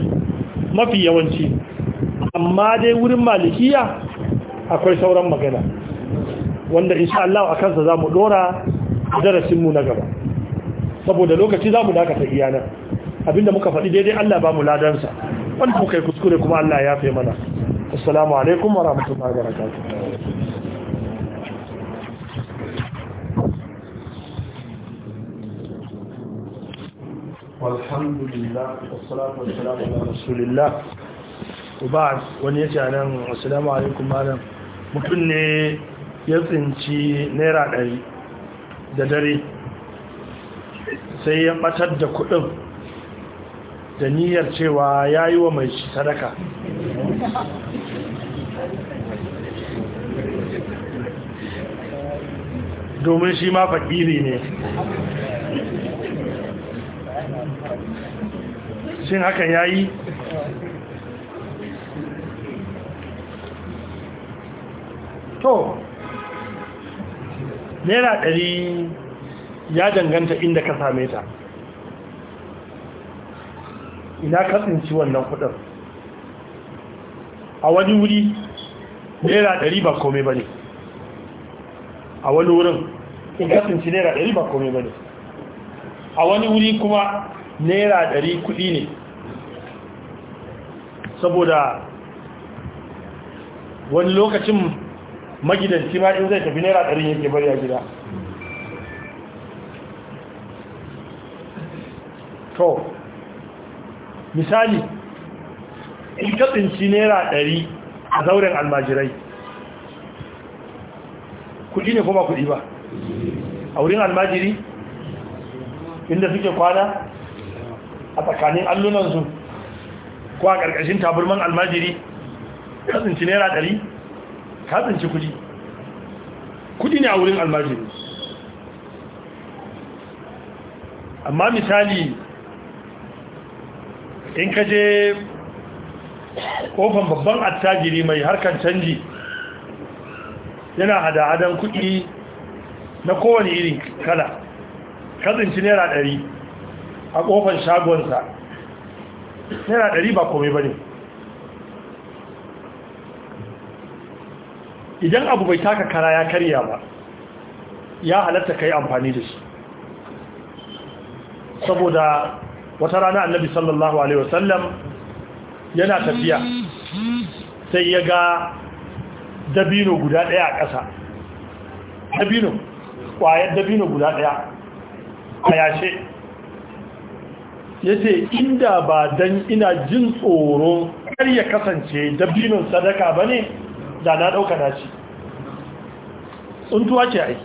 S1: mafi yawanci amma dai wurin malikiya akwai sauran magana wanda insha Allah a kansa za mu dora darasinmu na gaba saboda lokaci za mu dakata iyana abinda muka faɗi daidai Allah ba mu ladansa wanda muka yi kuskure kuma Allah ya fi mana assalamu alaikum wa rahmatullahi wa barakatuh والحمد لله والصلاة والسلام على رسول الله وبعد wani ya ce a nan assalamu alaikum malam mutum ne ya tsinci naira ɗari da dare sai ya ɓatar da kuɗin da niyyar cewa ya yi wa mai sadaka domin shi ma fakiri ne shin hakan ya yi to naira ɗari ya danganta inda ka same ta ina kasance wannan kudin a wani wuri naira ɗari ba kome ba ne a wani wurin in kasance nera naira ɗari ba kome ba ne a wani wuri kuma naira ɗari kuɗi ne saboda wani lokacin magidanci ma in zai tafi naira ɗari yake bari a gida to misali in ka tsinci naira ɗari a zauren almajirai kuɗi ne ko ba kuɗi ba a wurin almajiri inda suke kwana a tsakanin allunansu ko a ƙarƙashin taburman almajiri katsinci naira ɗari katsinci kudi kudi ne a wurin almajiri amma misali in ka je kofan babban attajiri mai harkar canji yana hada-hadan kudi na kowane irin kala katsinci naira ɗari a kofar shagonsa yana ɗari ba komai ba ne idan abu bai taka kara ya karya ba ya halatta kai amfani da shi saboda wata rana annabi sallallahu alaihi wasallam yana tafiya sai ya ga dabino guda ɗaya a ƙasa dabino ƙwayar dabino guda ɗaya a yashe ya ce inda ba don ina jin tsoro kar ya kasance dabbinin sadaka ba ne da na ɗauka na ci tsuntuwa ce ai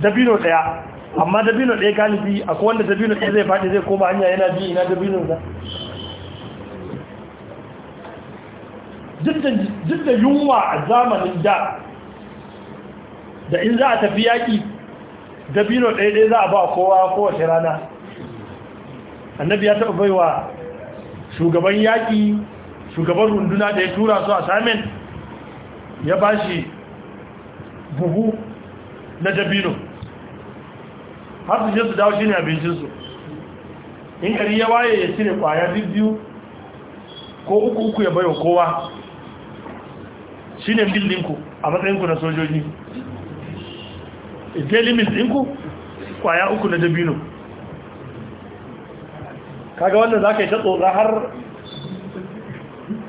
S1: dabino ɗaya amma dabino ɗaya galibi akwai wanda dabino ɗaya zai faɗi zai koma hanya yana bi ina dabino da duk da yunwa a zamanin da da in za a tafi yaƙi dabino ɗaya ɗaya za a ba kowa kowace rana annabi ya taɓa baiwa shugaban yaƙi shugaban runduna da ya tura su a samin ya ba shi buhu na dabino har su je dawo shi ne abincinsu in kari ya waye ya cire kwaya biyu ko uku uku ya baiwa kowa shi ne bilinku a matsayinku na sojoji daily meal ɗinku kwaya uku na dabino kaga wannan za ka yi ta tsora har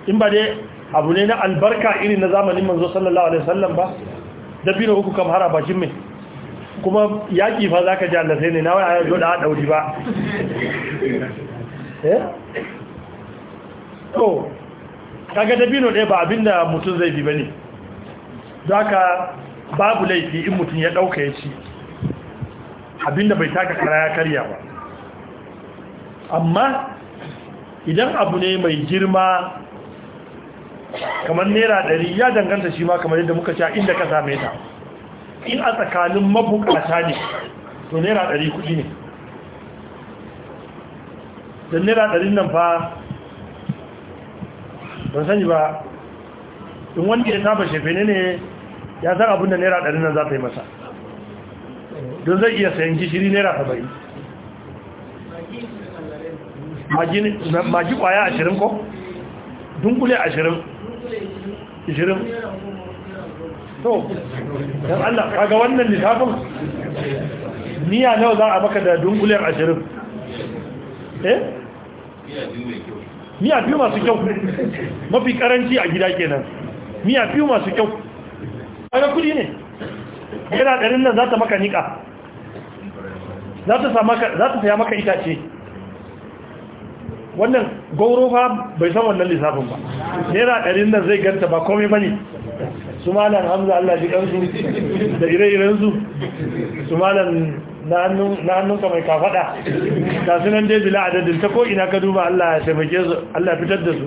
S1: in ba dai abu ne na albarka irin na zamanin manzo sallallahu alaihi wasallam ba dabino uku kam har a bakin mai kuma yaƙi fa za ka ji allasai ne na wani ayar joda a ɗauri ba eh to kaga dabino ɗaya ba abinda mutum zai bi ba ne za ka babu laifi in mutum ya ɗauka ya ci abinda bai taka kara ya karya ba amma idan abu ne mai girma kamar nera ɗari ya danganta shi ma kamar yadda muka sha inda ka same ta in a tsakanin mabukata ne to nera ɗari kuɗi ne don nera ɗarin nan fa ban sani ba in wanda ya saba shefe ne ya san abin da nera ɗarin nan za ta yi masa don zai iya sayan gishiri naira saba'in maji kwaya ashirin ko dunkule ashirin ashirin
S2: to don allah
S1: kaga wannan littafin niya nawa za a maka da dunkulen ashirin eh miya biyu masu kyau mafi karanci a gida kenan miya biyu masu kyau kaga kudi ne yana ɗarin nan za ta maka nika za ta saya maka itace wannan gauro fa bai san wannan lissafin ba naira ɗari nan zai ganta ba komai ba ne su malam hamza allah ji kansu da ire-irensu su malam na hannunka mai kafaɗa ta sunan dai bila adadin ta ko ina ka duba allah ya taimake su allah fitar da su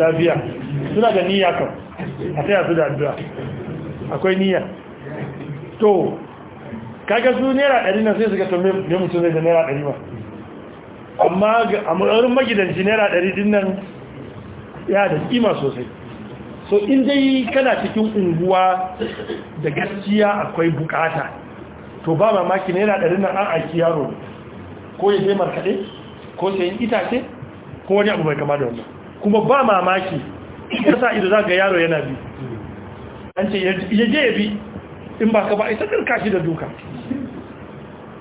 S1: lafiya suna da niyya kan a taya su da addu'a akwai niyya to kaga su naira ɗari nan sai su ga tambaye mutum zai da naira ɗari ba amma a murarin magidanci naira ɗari din ya da kima sosai so in dai kana cikin unguwa da gaskiya akwai bukata to ba mamaki naira ɗari nan an aiki yaro ko ya zai markaɗe ko sayan itace ko wani abu mai kama da wannan kuma ba mamaki ya sa ido za ga yaro yana bi an ce ya je ya bi in ba ka ba ita ɗirka shi da duka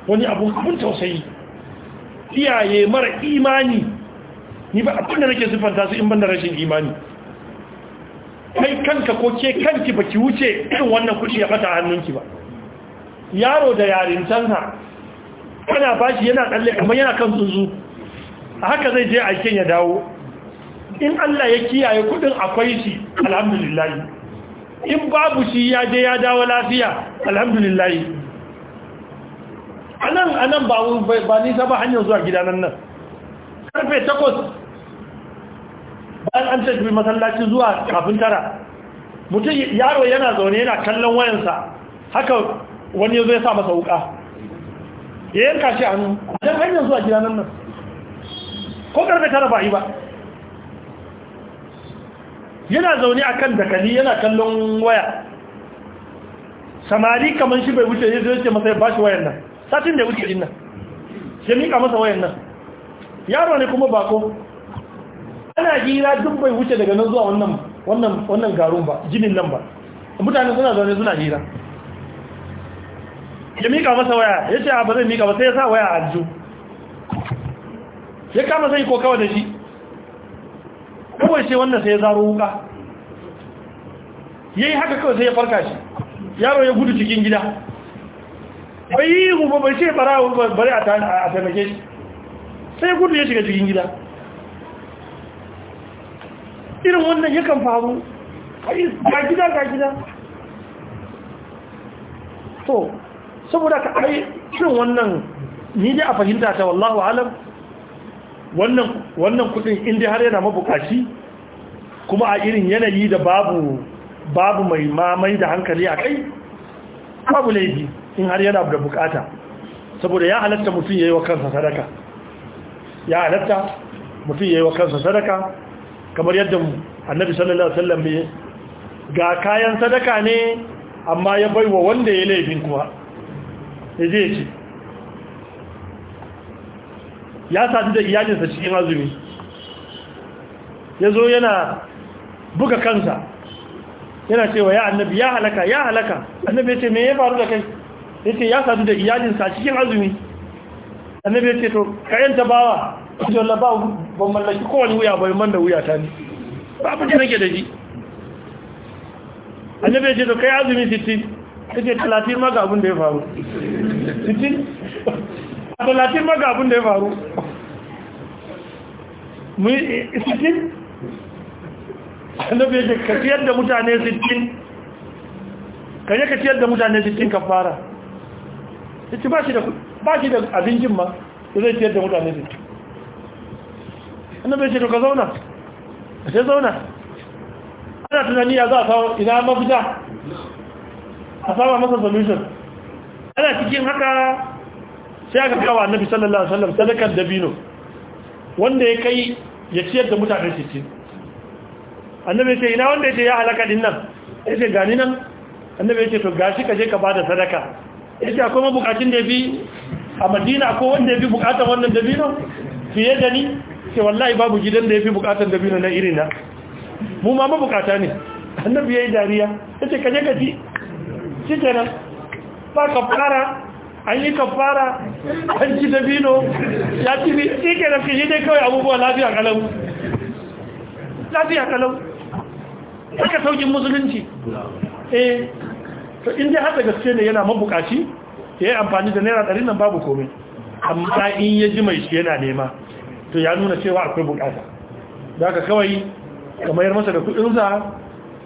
S1: wani abu abun tausayi Kiyaye mara imani ni ba abin da nake siffanta su in ban da rashin imani kai kanka ko ke kanki baki wuce irin wannan kudi ya fata hannunki ba yaro da yarintansa kana bashi yana tsalle kamar yana kan tsuntsu a haka zai je aikin ya dawo in Allah ya kiyaye kudin akwai shi alhamdulillah in babu shi ya je ya dawo lafiya alhamdulillah anan anan ba ba nisa ba hanyar zuwa gidanan nan karfe takwas bayan an tafi masallaci zuwa kafin tara mutum yaro yana zaune yana kallon wayansa haka wani ya zo ya sa masa wuka ya yanka shi a hannu hanyar zuwa gidanan nan ko karfe tara ba yi ba yana zaune a kan dakali yana kallon waya samari kamar shi bai wuce ya zo ya ce masa ya ba wayan nan satin da wuce jinnan sai mika masa wayan nan yaro ne kuma bako ana gira duk bai wuce daga nan zuwa wannan wannan wannan garun ba jinin nan ba mutane suna zaune suna gira ya mika masa waya ya ce a ba zai mika ba sai ya sa waya a ju ya kama sai ko kawai da shi kawai sai wannan sai ya zaro wuka ya yi haka kawai sai ya farka shi yaro ya gudu cikin gida bai yi ihu bai ce barawo ba bari a taimake shi sai gudu ya shiga cikin gida irin wannan yakan faru ga gida ga gida to saboda ka ai irin wannan ni dai a fahimta ta wallahu alam wannan kudin inda har yana mabukashi kuma a irin yanayi da babu babu mai mamai da hankali a kai babu laifi in har yana da bukata saboda ya halatta mutum yayi wa kansa sadaka ya halatta mutum yayi wa kansa sadaka kamar yadda annabi sallallahu alaihi wasallam ya ga kayan sadaka ne amma ya baiwa wanda ya laifin kuma yaje ce ya sadu da iyalinsa cikin azumi ya zo yana buga kansa yana cewa ya annabi ya halaka ya halaka annabi ya ce me ya faru da kai yake ya sadu da iyalinsa cikin azumi annabi yace to kayan tabawa bawa yace wallahi ba ban mallaki kowane wuya bai man da wuya ta ne ba ku ji nake da shi annabi yace to kai azumi 60 yace 30 ma ga abin da ya faru 60 30 ma ga abin da ya faru mu 60 eh, annabi yace ka ciyar da mutane 60 kaje ka ciyar da mutane 60 kafara ba shi da ba shi da abincin ma zai ciyar da mutane su annabi ya ce to ka zauna a ce zauna ana tunani ya za a samu ina mafita a sama masa solution ana cikin haka sai aka kawo annabi sallallahu alaihi wasallam sadakar dabino wanda ya kai ya ciyar da mutane su ci annabi ce ina wanda ya ce ya halaka din nan ya ce gani nan annabi ya ce to gashi ka je ka bada sadaka ya akwai mabukacin da bi a madina ko wanda ya fi bukatar wannan dabino fiye da ni ke wallahi babu gidan da ya fi bukatar dabino na irina mu ma mabukata ne annabi ya yi dariya ya ce kaje kaji shi nan ba kafara an yi kafara an ci dabino ya ci bi shi kenan ka shi dai kawai abubuwa lafiya kalau lafiya kalau aka saukin musulunci eh to in dai haka gaske ne yana mabukaci ya yi amfani da naira ɗari nan babu komai amma in ya ji mai shi yana nema to ya nuna cewa akwai bukata da ka kawai ka mayar masa da kuɗinsa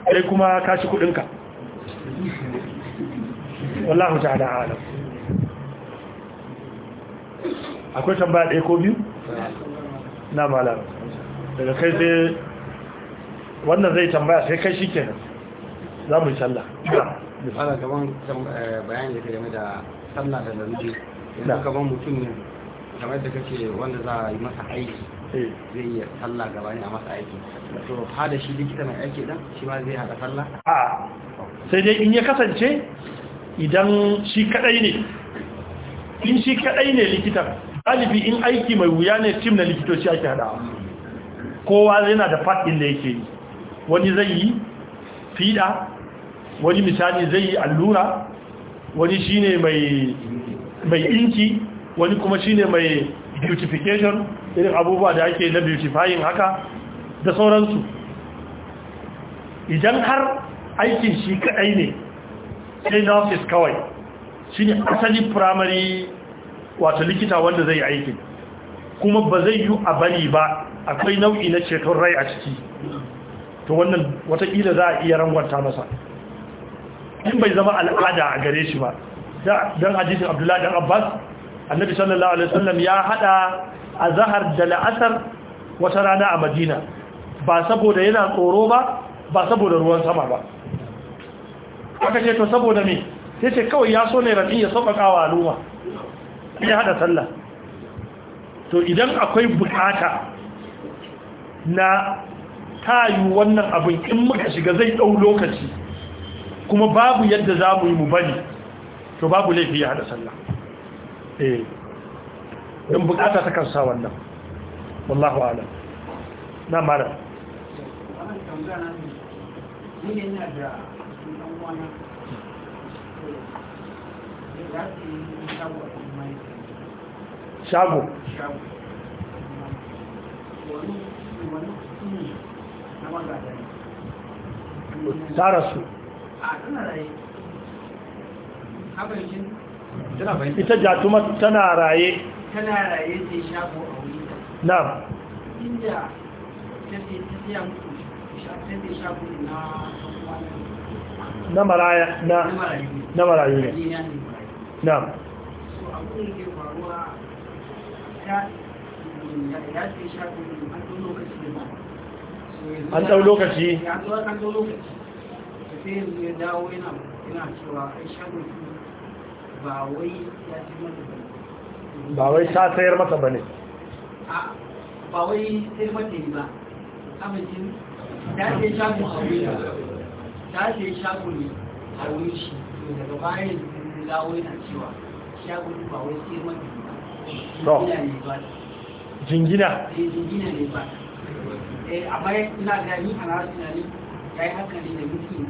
S1: sai kuma kashi kuɗinka wallahu ta'ala alam akwai tambaya ɗaya ko biyu na malam daga kai sai wannan zai tambaya sai kai shi kenan za mu yi sallah misali gaban eh, bayani da game da sallah da lalube
S3: yanzu gaban mutum ne kamar da kake wanda za a yi masa aiki eh. zai
S1: iya sallah gaba ne a masa aiki to ha da shi likita mai aiki dan shi ma zai haɗa sallah a sai dai in ya kasance idan shi kadai ne in shi kadai ne likita galibi in aiki mai wuya ne tim na likitoci ake haɗawa kowa yana da fadin da yake yi wani zai yi fiɗa wani misali zai yi allura wani shi ne mai inki wani kuma shi ne mai beautification irin abubuwa da ake na beautifying haka da sauransu idan har aikin shi kaɗai ne sai nurses kawai shi ne asali primary wata likita wanda zai aiki kuma ba zai yi a bari ba akwai nau'i na ceton rai a ciki to wannan watakila za a iya rangwanta masa in bai zama al'ada a gare shi ba don hadisin abdullahi dan abbas annabi sallallahu alaihi wasallam ya hada zahar da la'asar wata rana a madina ba saboda yana tsoro ba ba saboda ruwan sama ba aka ce to saboda me sai ce kawai ya so ne rafi ya sauƙaƙa wa al'umma ya hada sallah to idan akwai bukata na tayu wannan abin in muka shiga zai ɗau lokaci kuma babu yadda za mu yi mu bari to babu laifi ya hada sallah eh don bukata ta kansa wannan wallahu ala na mara shago tsara
S3: su
S2: ita
S1: jatuma tana raye
S3: tana raye sai a
S1: wuri na
S3: inda na
S1: na maraya na na marayu ne na
S3: so ke faruwa ya
S1: an ɗau lokaci
S3: an ɗau lokaci sai ya
S1: ba wai ta sayar mata bane
S3: ba sai mata ba ce a ta ce ne a shi daga bayan dawo yana cewa ba wai sai mata ba jingina jingina ne ba a eh, eh, amma ina ga ni ana tunani haka ne da mutum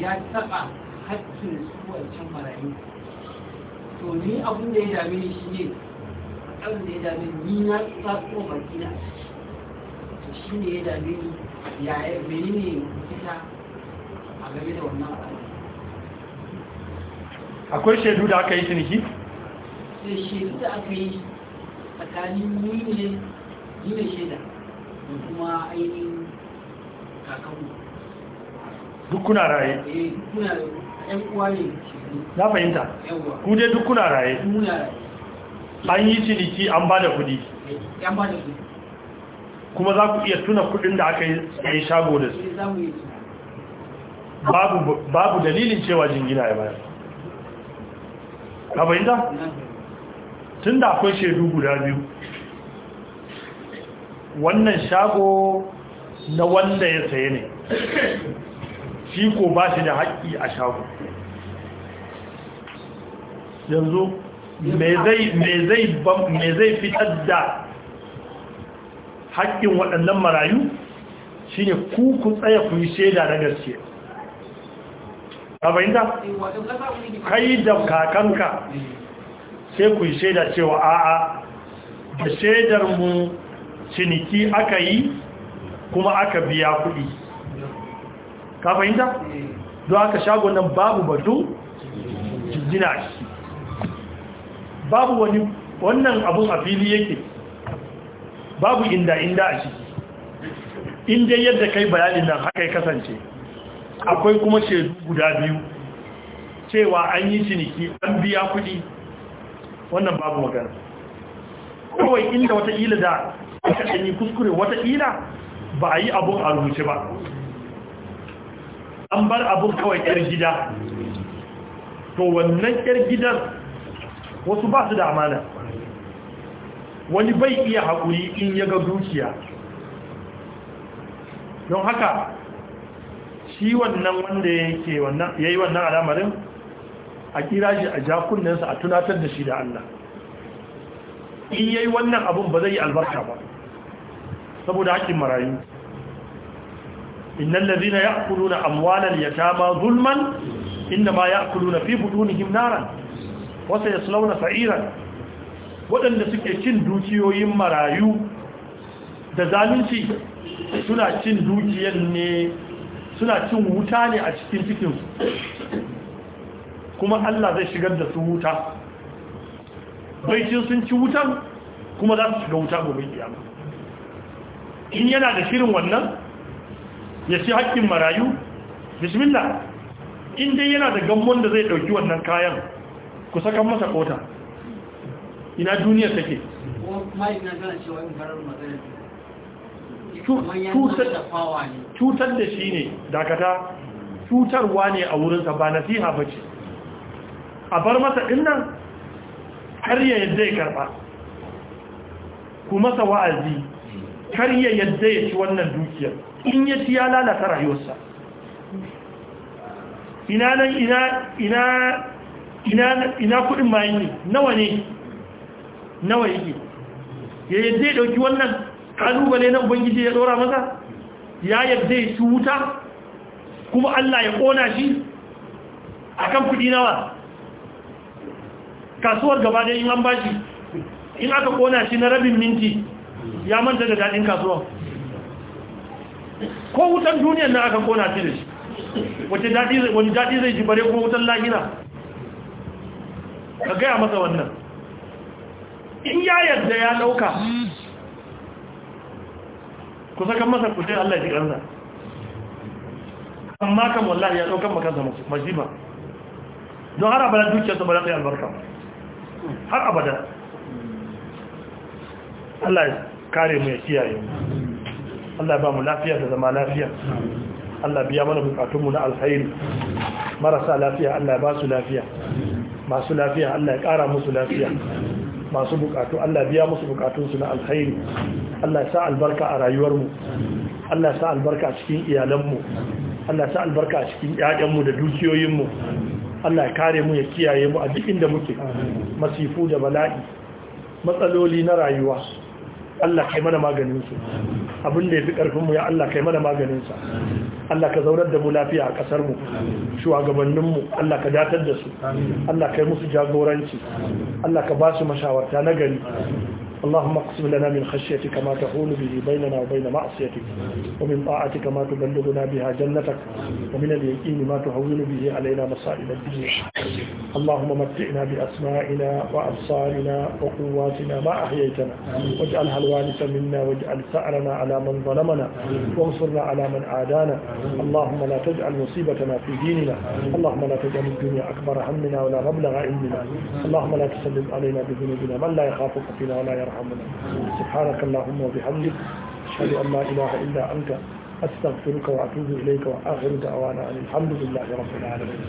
S3: ya taba haƙƙin su wancan marayu to ni abin da ya dame ni shi ne abin da ya dame ni na tsatsuwa baki na to shi ne ya dame ni yi mene ne fita a game da wannan
S1: akwai shaidu da aka yi niki?
S3: sai shaidu da aka yi tsakanin ni ne shaida da kuma ainihin kakamu.
S1: duk kuna raye eh, na fahimta ku dai duk kuna raye an yi ciniki an ba da kudi eh, kuma za ku iya tuna kudin da aka yi shago da su eh, babu dalilin cewa jingina ya bayar abin fahimta? tun da akwai shaidu guda biyu wannan shago na wanda ya saye ne shi ko ba shi da haƙƙi a shago yanzu me zai fitar da haƙƙin waɗannan marayu shi ne ku ku tsaya ku yi shaida na gaske abin da
S3: kai da kakanka
S1: sai ku yi shaida cewa a'a da shaidar mu ciniki aka yi kuma aka biya kuɗi ka fahimta don haka shagon nan babu batu jina a ciki babu wani wannan abun a fili yake babu inda-inda a ciki inda yadda kai bayanin nan haka ya kasance akwai kuma shaidu guda biyu cewa an yi ciniki an biya kudi wannan babu magana kawai inda ila da aka ni kuskure ila, ba a yi abun a rubuce ba an bar abun kawai yar gida to wannan yar gidan wasu ba su da amana wani bai iya haƙuri in ya ga dukiya don haka shi wannan wanda ya yi wannan alamarin a kira shi a jakunansa a tunatar da shi da Allah in ya yi wannan abun ba zai yi albarka ba saboda haƙin marayu إن الذين يأكلون أموال اليتامى zulman إنما يأكلون fi بطونهم نارا وسيصلون sayaslawna sa'iran wadanda suke cin dukiyoyin marayu da zalunci suna cin dukiyar ne suna cin wuta ne a cikin cikinsu, kuma Allah zai shigar da su wuta baicin sun ci wutan kuma za su shiga wuta gobe in yana da shirin wannan ya ci haƙƙin marayu bismillah in dai yana da gammon da zai ɗauki wannan kayan ku sakan masa kota ina duniyar take cutar da shi ne dakata cutarwa ne a wurinsa ba nasiha ba ce a bar masa ɗinnan har yadda ya karɓa ku masa wa'azi kar ya yadda ya ci wannan dukiyar in ya ci ya lalata rayuwarsa ina nan ina ina ina ina kudin ma ne nawa ne nawa yake ya yadda ya dauki wannan kalubale na ubangiji ya dora masa ya yadda ya ci wuta kuma Allah ya kona shi akan kudi nawa kasuwar gaba da in an bashi in aka kona shi na rabin minti ya manta da daɗin kasuwa ko wutan duniyan na aka kona shi da shi wani daɗi zai ji bare ko wutan lahira ka gaya masa wannan in ya yarda ya ɗauka ku sakan masa kudin allah ji ƙanza amma kan wallahi ya ɗaukan makansa majima don har abada dukiyarsa ba za yi albarka har abada Allah ya kare mu ya kiyaye Allah ba mu lafiya da zama lafiya Allah biya mana bukatunmu na alkhairi marasa lafiya Allah ya ba su lafiya masu lafiya Allah ya kara musu lafiya masu bukatu Allah biya musu bukatunsu na alkhairi Allah ya sa albarka a rayuwarmu Allah ya sa albarka a cikin iyalanmu Allah ya sa albarka a cikin ƴaƴanmu da dukiyoyinmu Allah ya kare mu ya kiyaye mu a duk inda muke masifu da bala'i matsaloli na rayuwa Allah kai mana maganinsu su abin da yafi mu ya Allah kai mana maganinsa Allah ka zaunar da mu lafiya a ƙasarmu mu Allah ka datar da su Allah kai musu jagoranci Allah ka ba su mashawarta na gari اللهم اقسم لنا من خشيتك ما تحول به بيننا وبين معصيتك ومن طاعتك ما تبلغنا بها جنتك ومن اليقين ما تهون به علينا مصائب الدنيا اللهم متعنا بأسمائنا وأبصارنا وقواتنا ما أحييتنا واجعلها الوارث منا واجعل ثأرنا على من ظلمنا وانصرنا على من عادانا اللهم لا تجعل مصيبتنا في ديننا اللهم لا تجعل الدنيا أكبر همنا ولا مبلغ علمنا اللهم لا تسلم علينا بذنوبنا من لا يخافك فينا ولا يرحمنا يرحمنا سبحانك اللهم وبحمدك أشهد أن لا إله إلا أنت أستغفرك وأتوب إليك وآخر دعوانا أن الحمد لله رب العالمين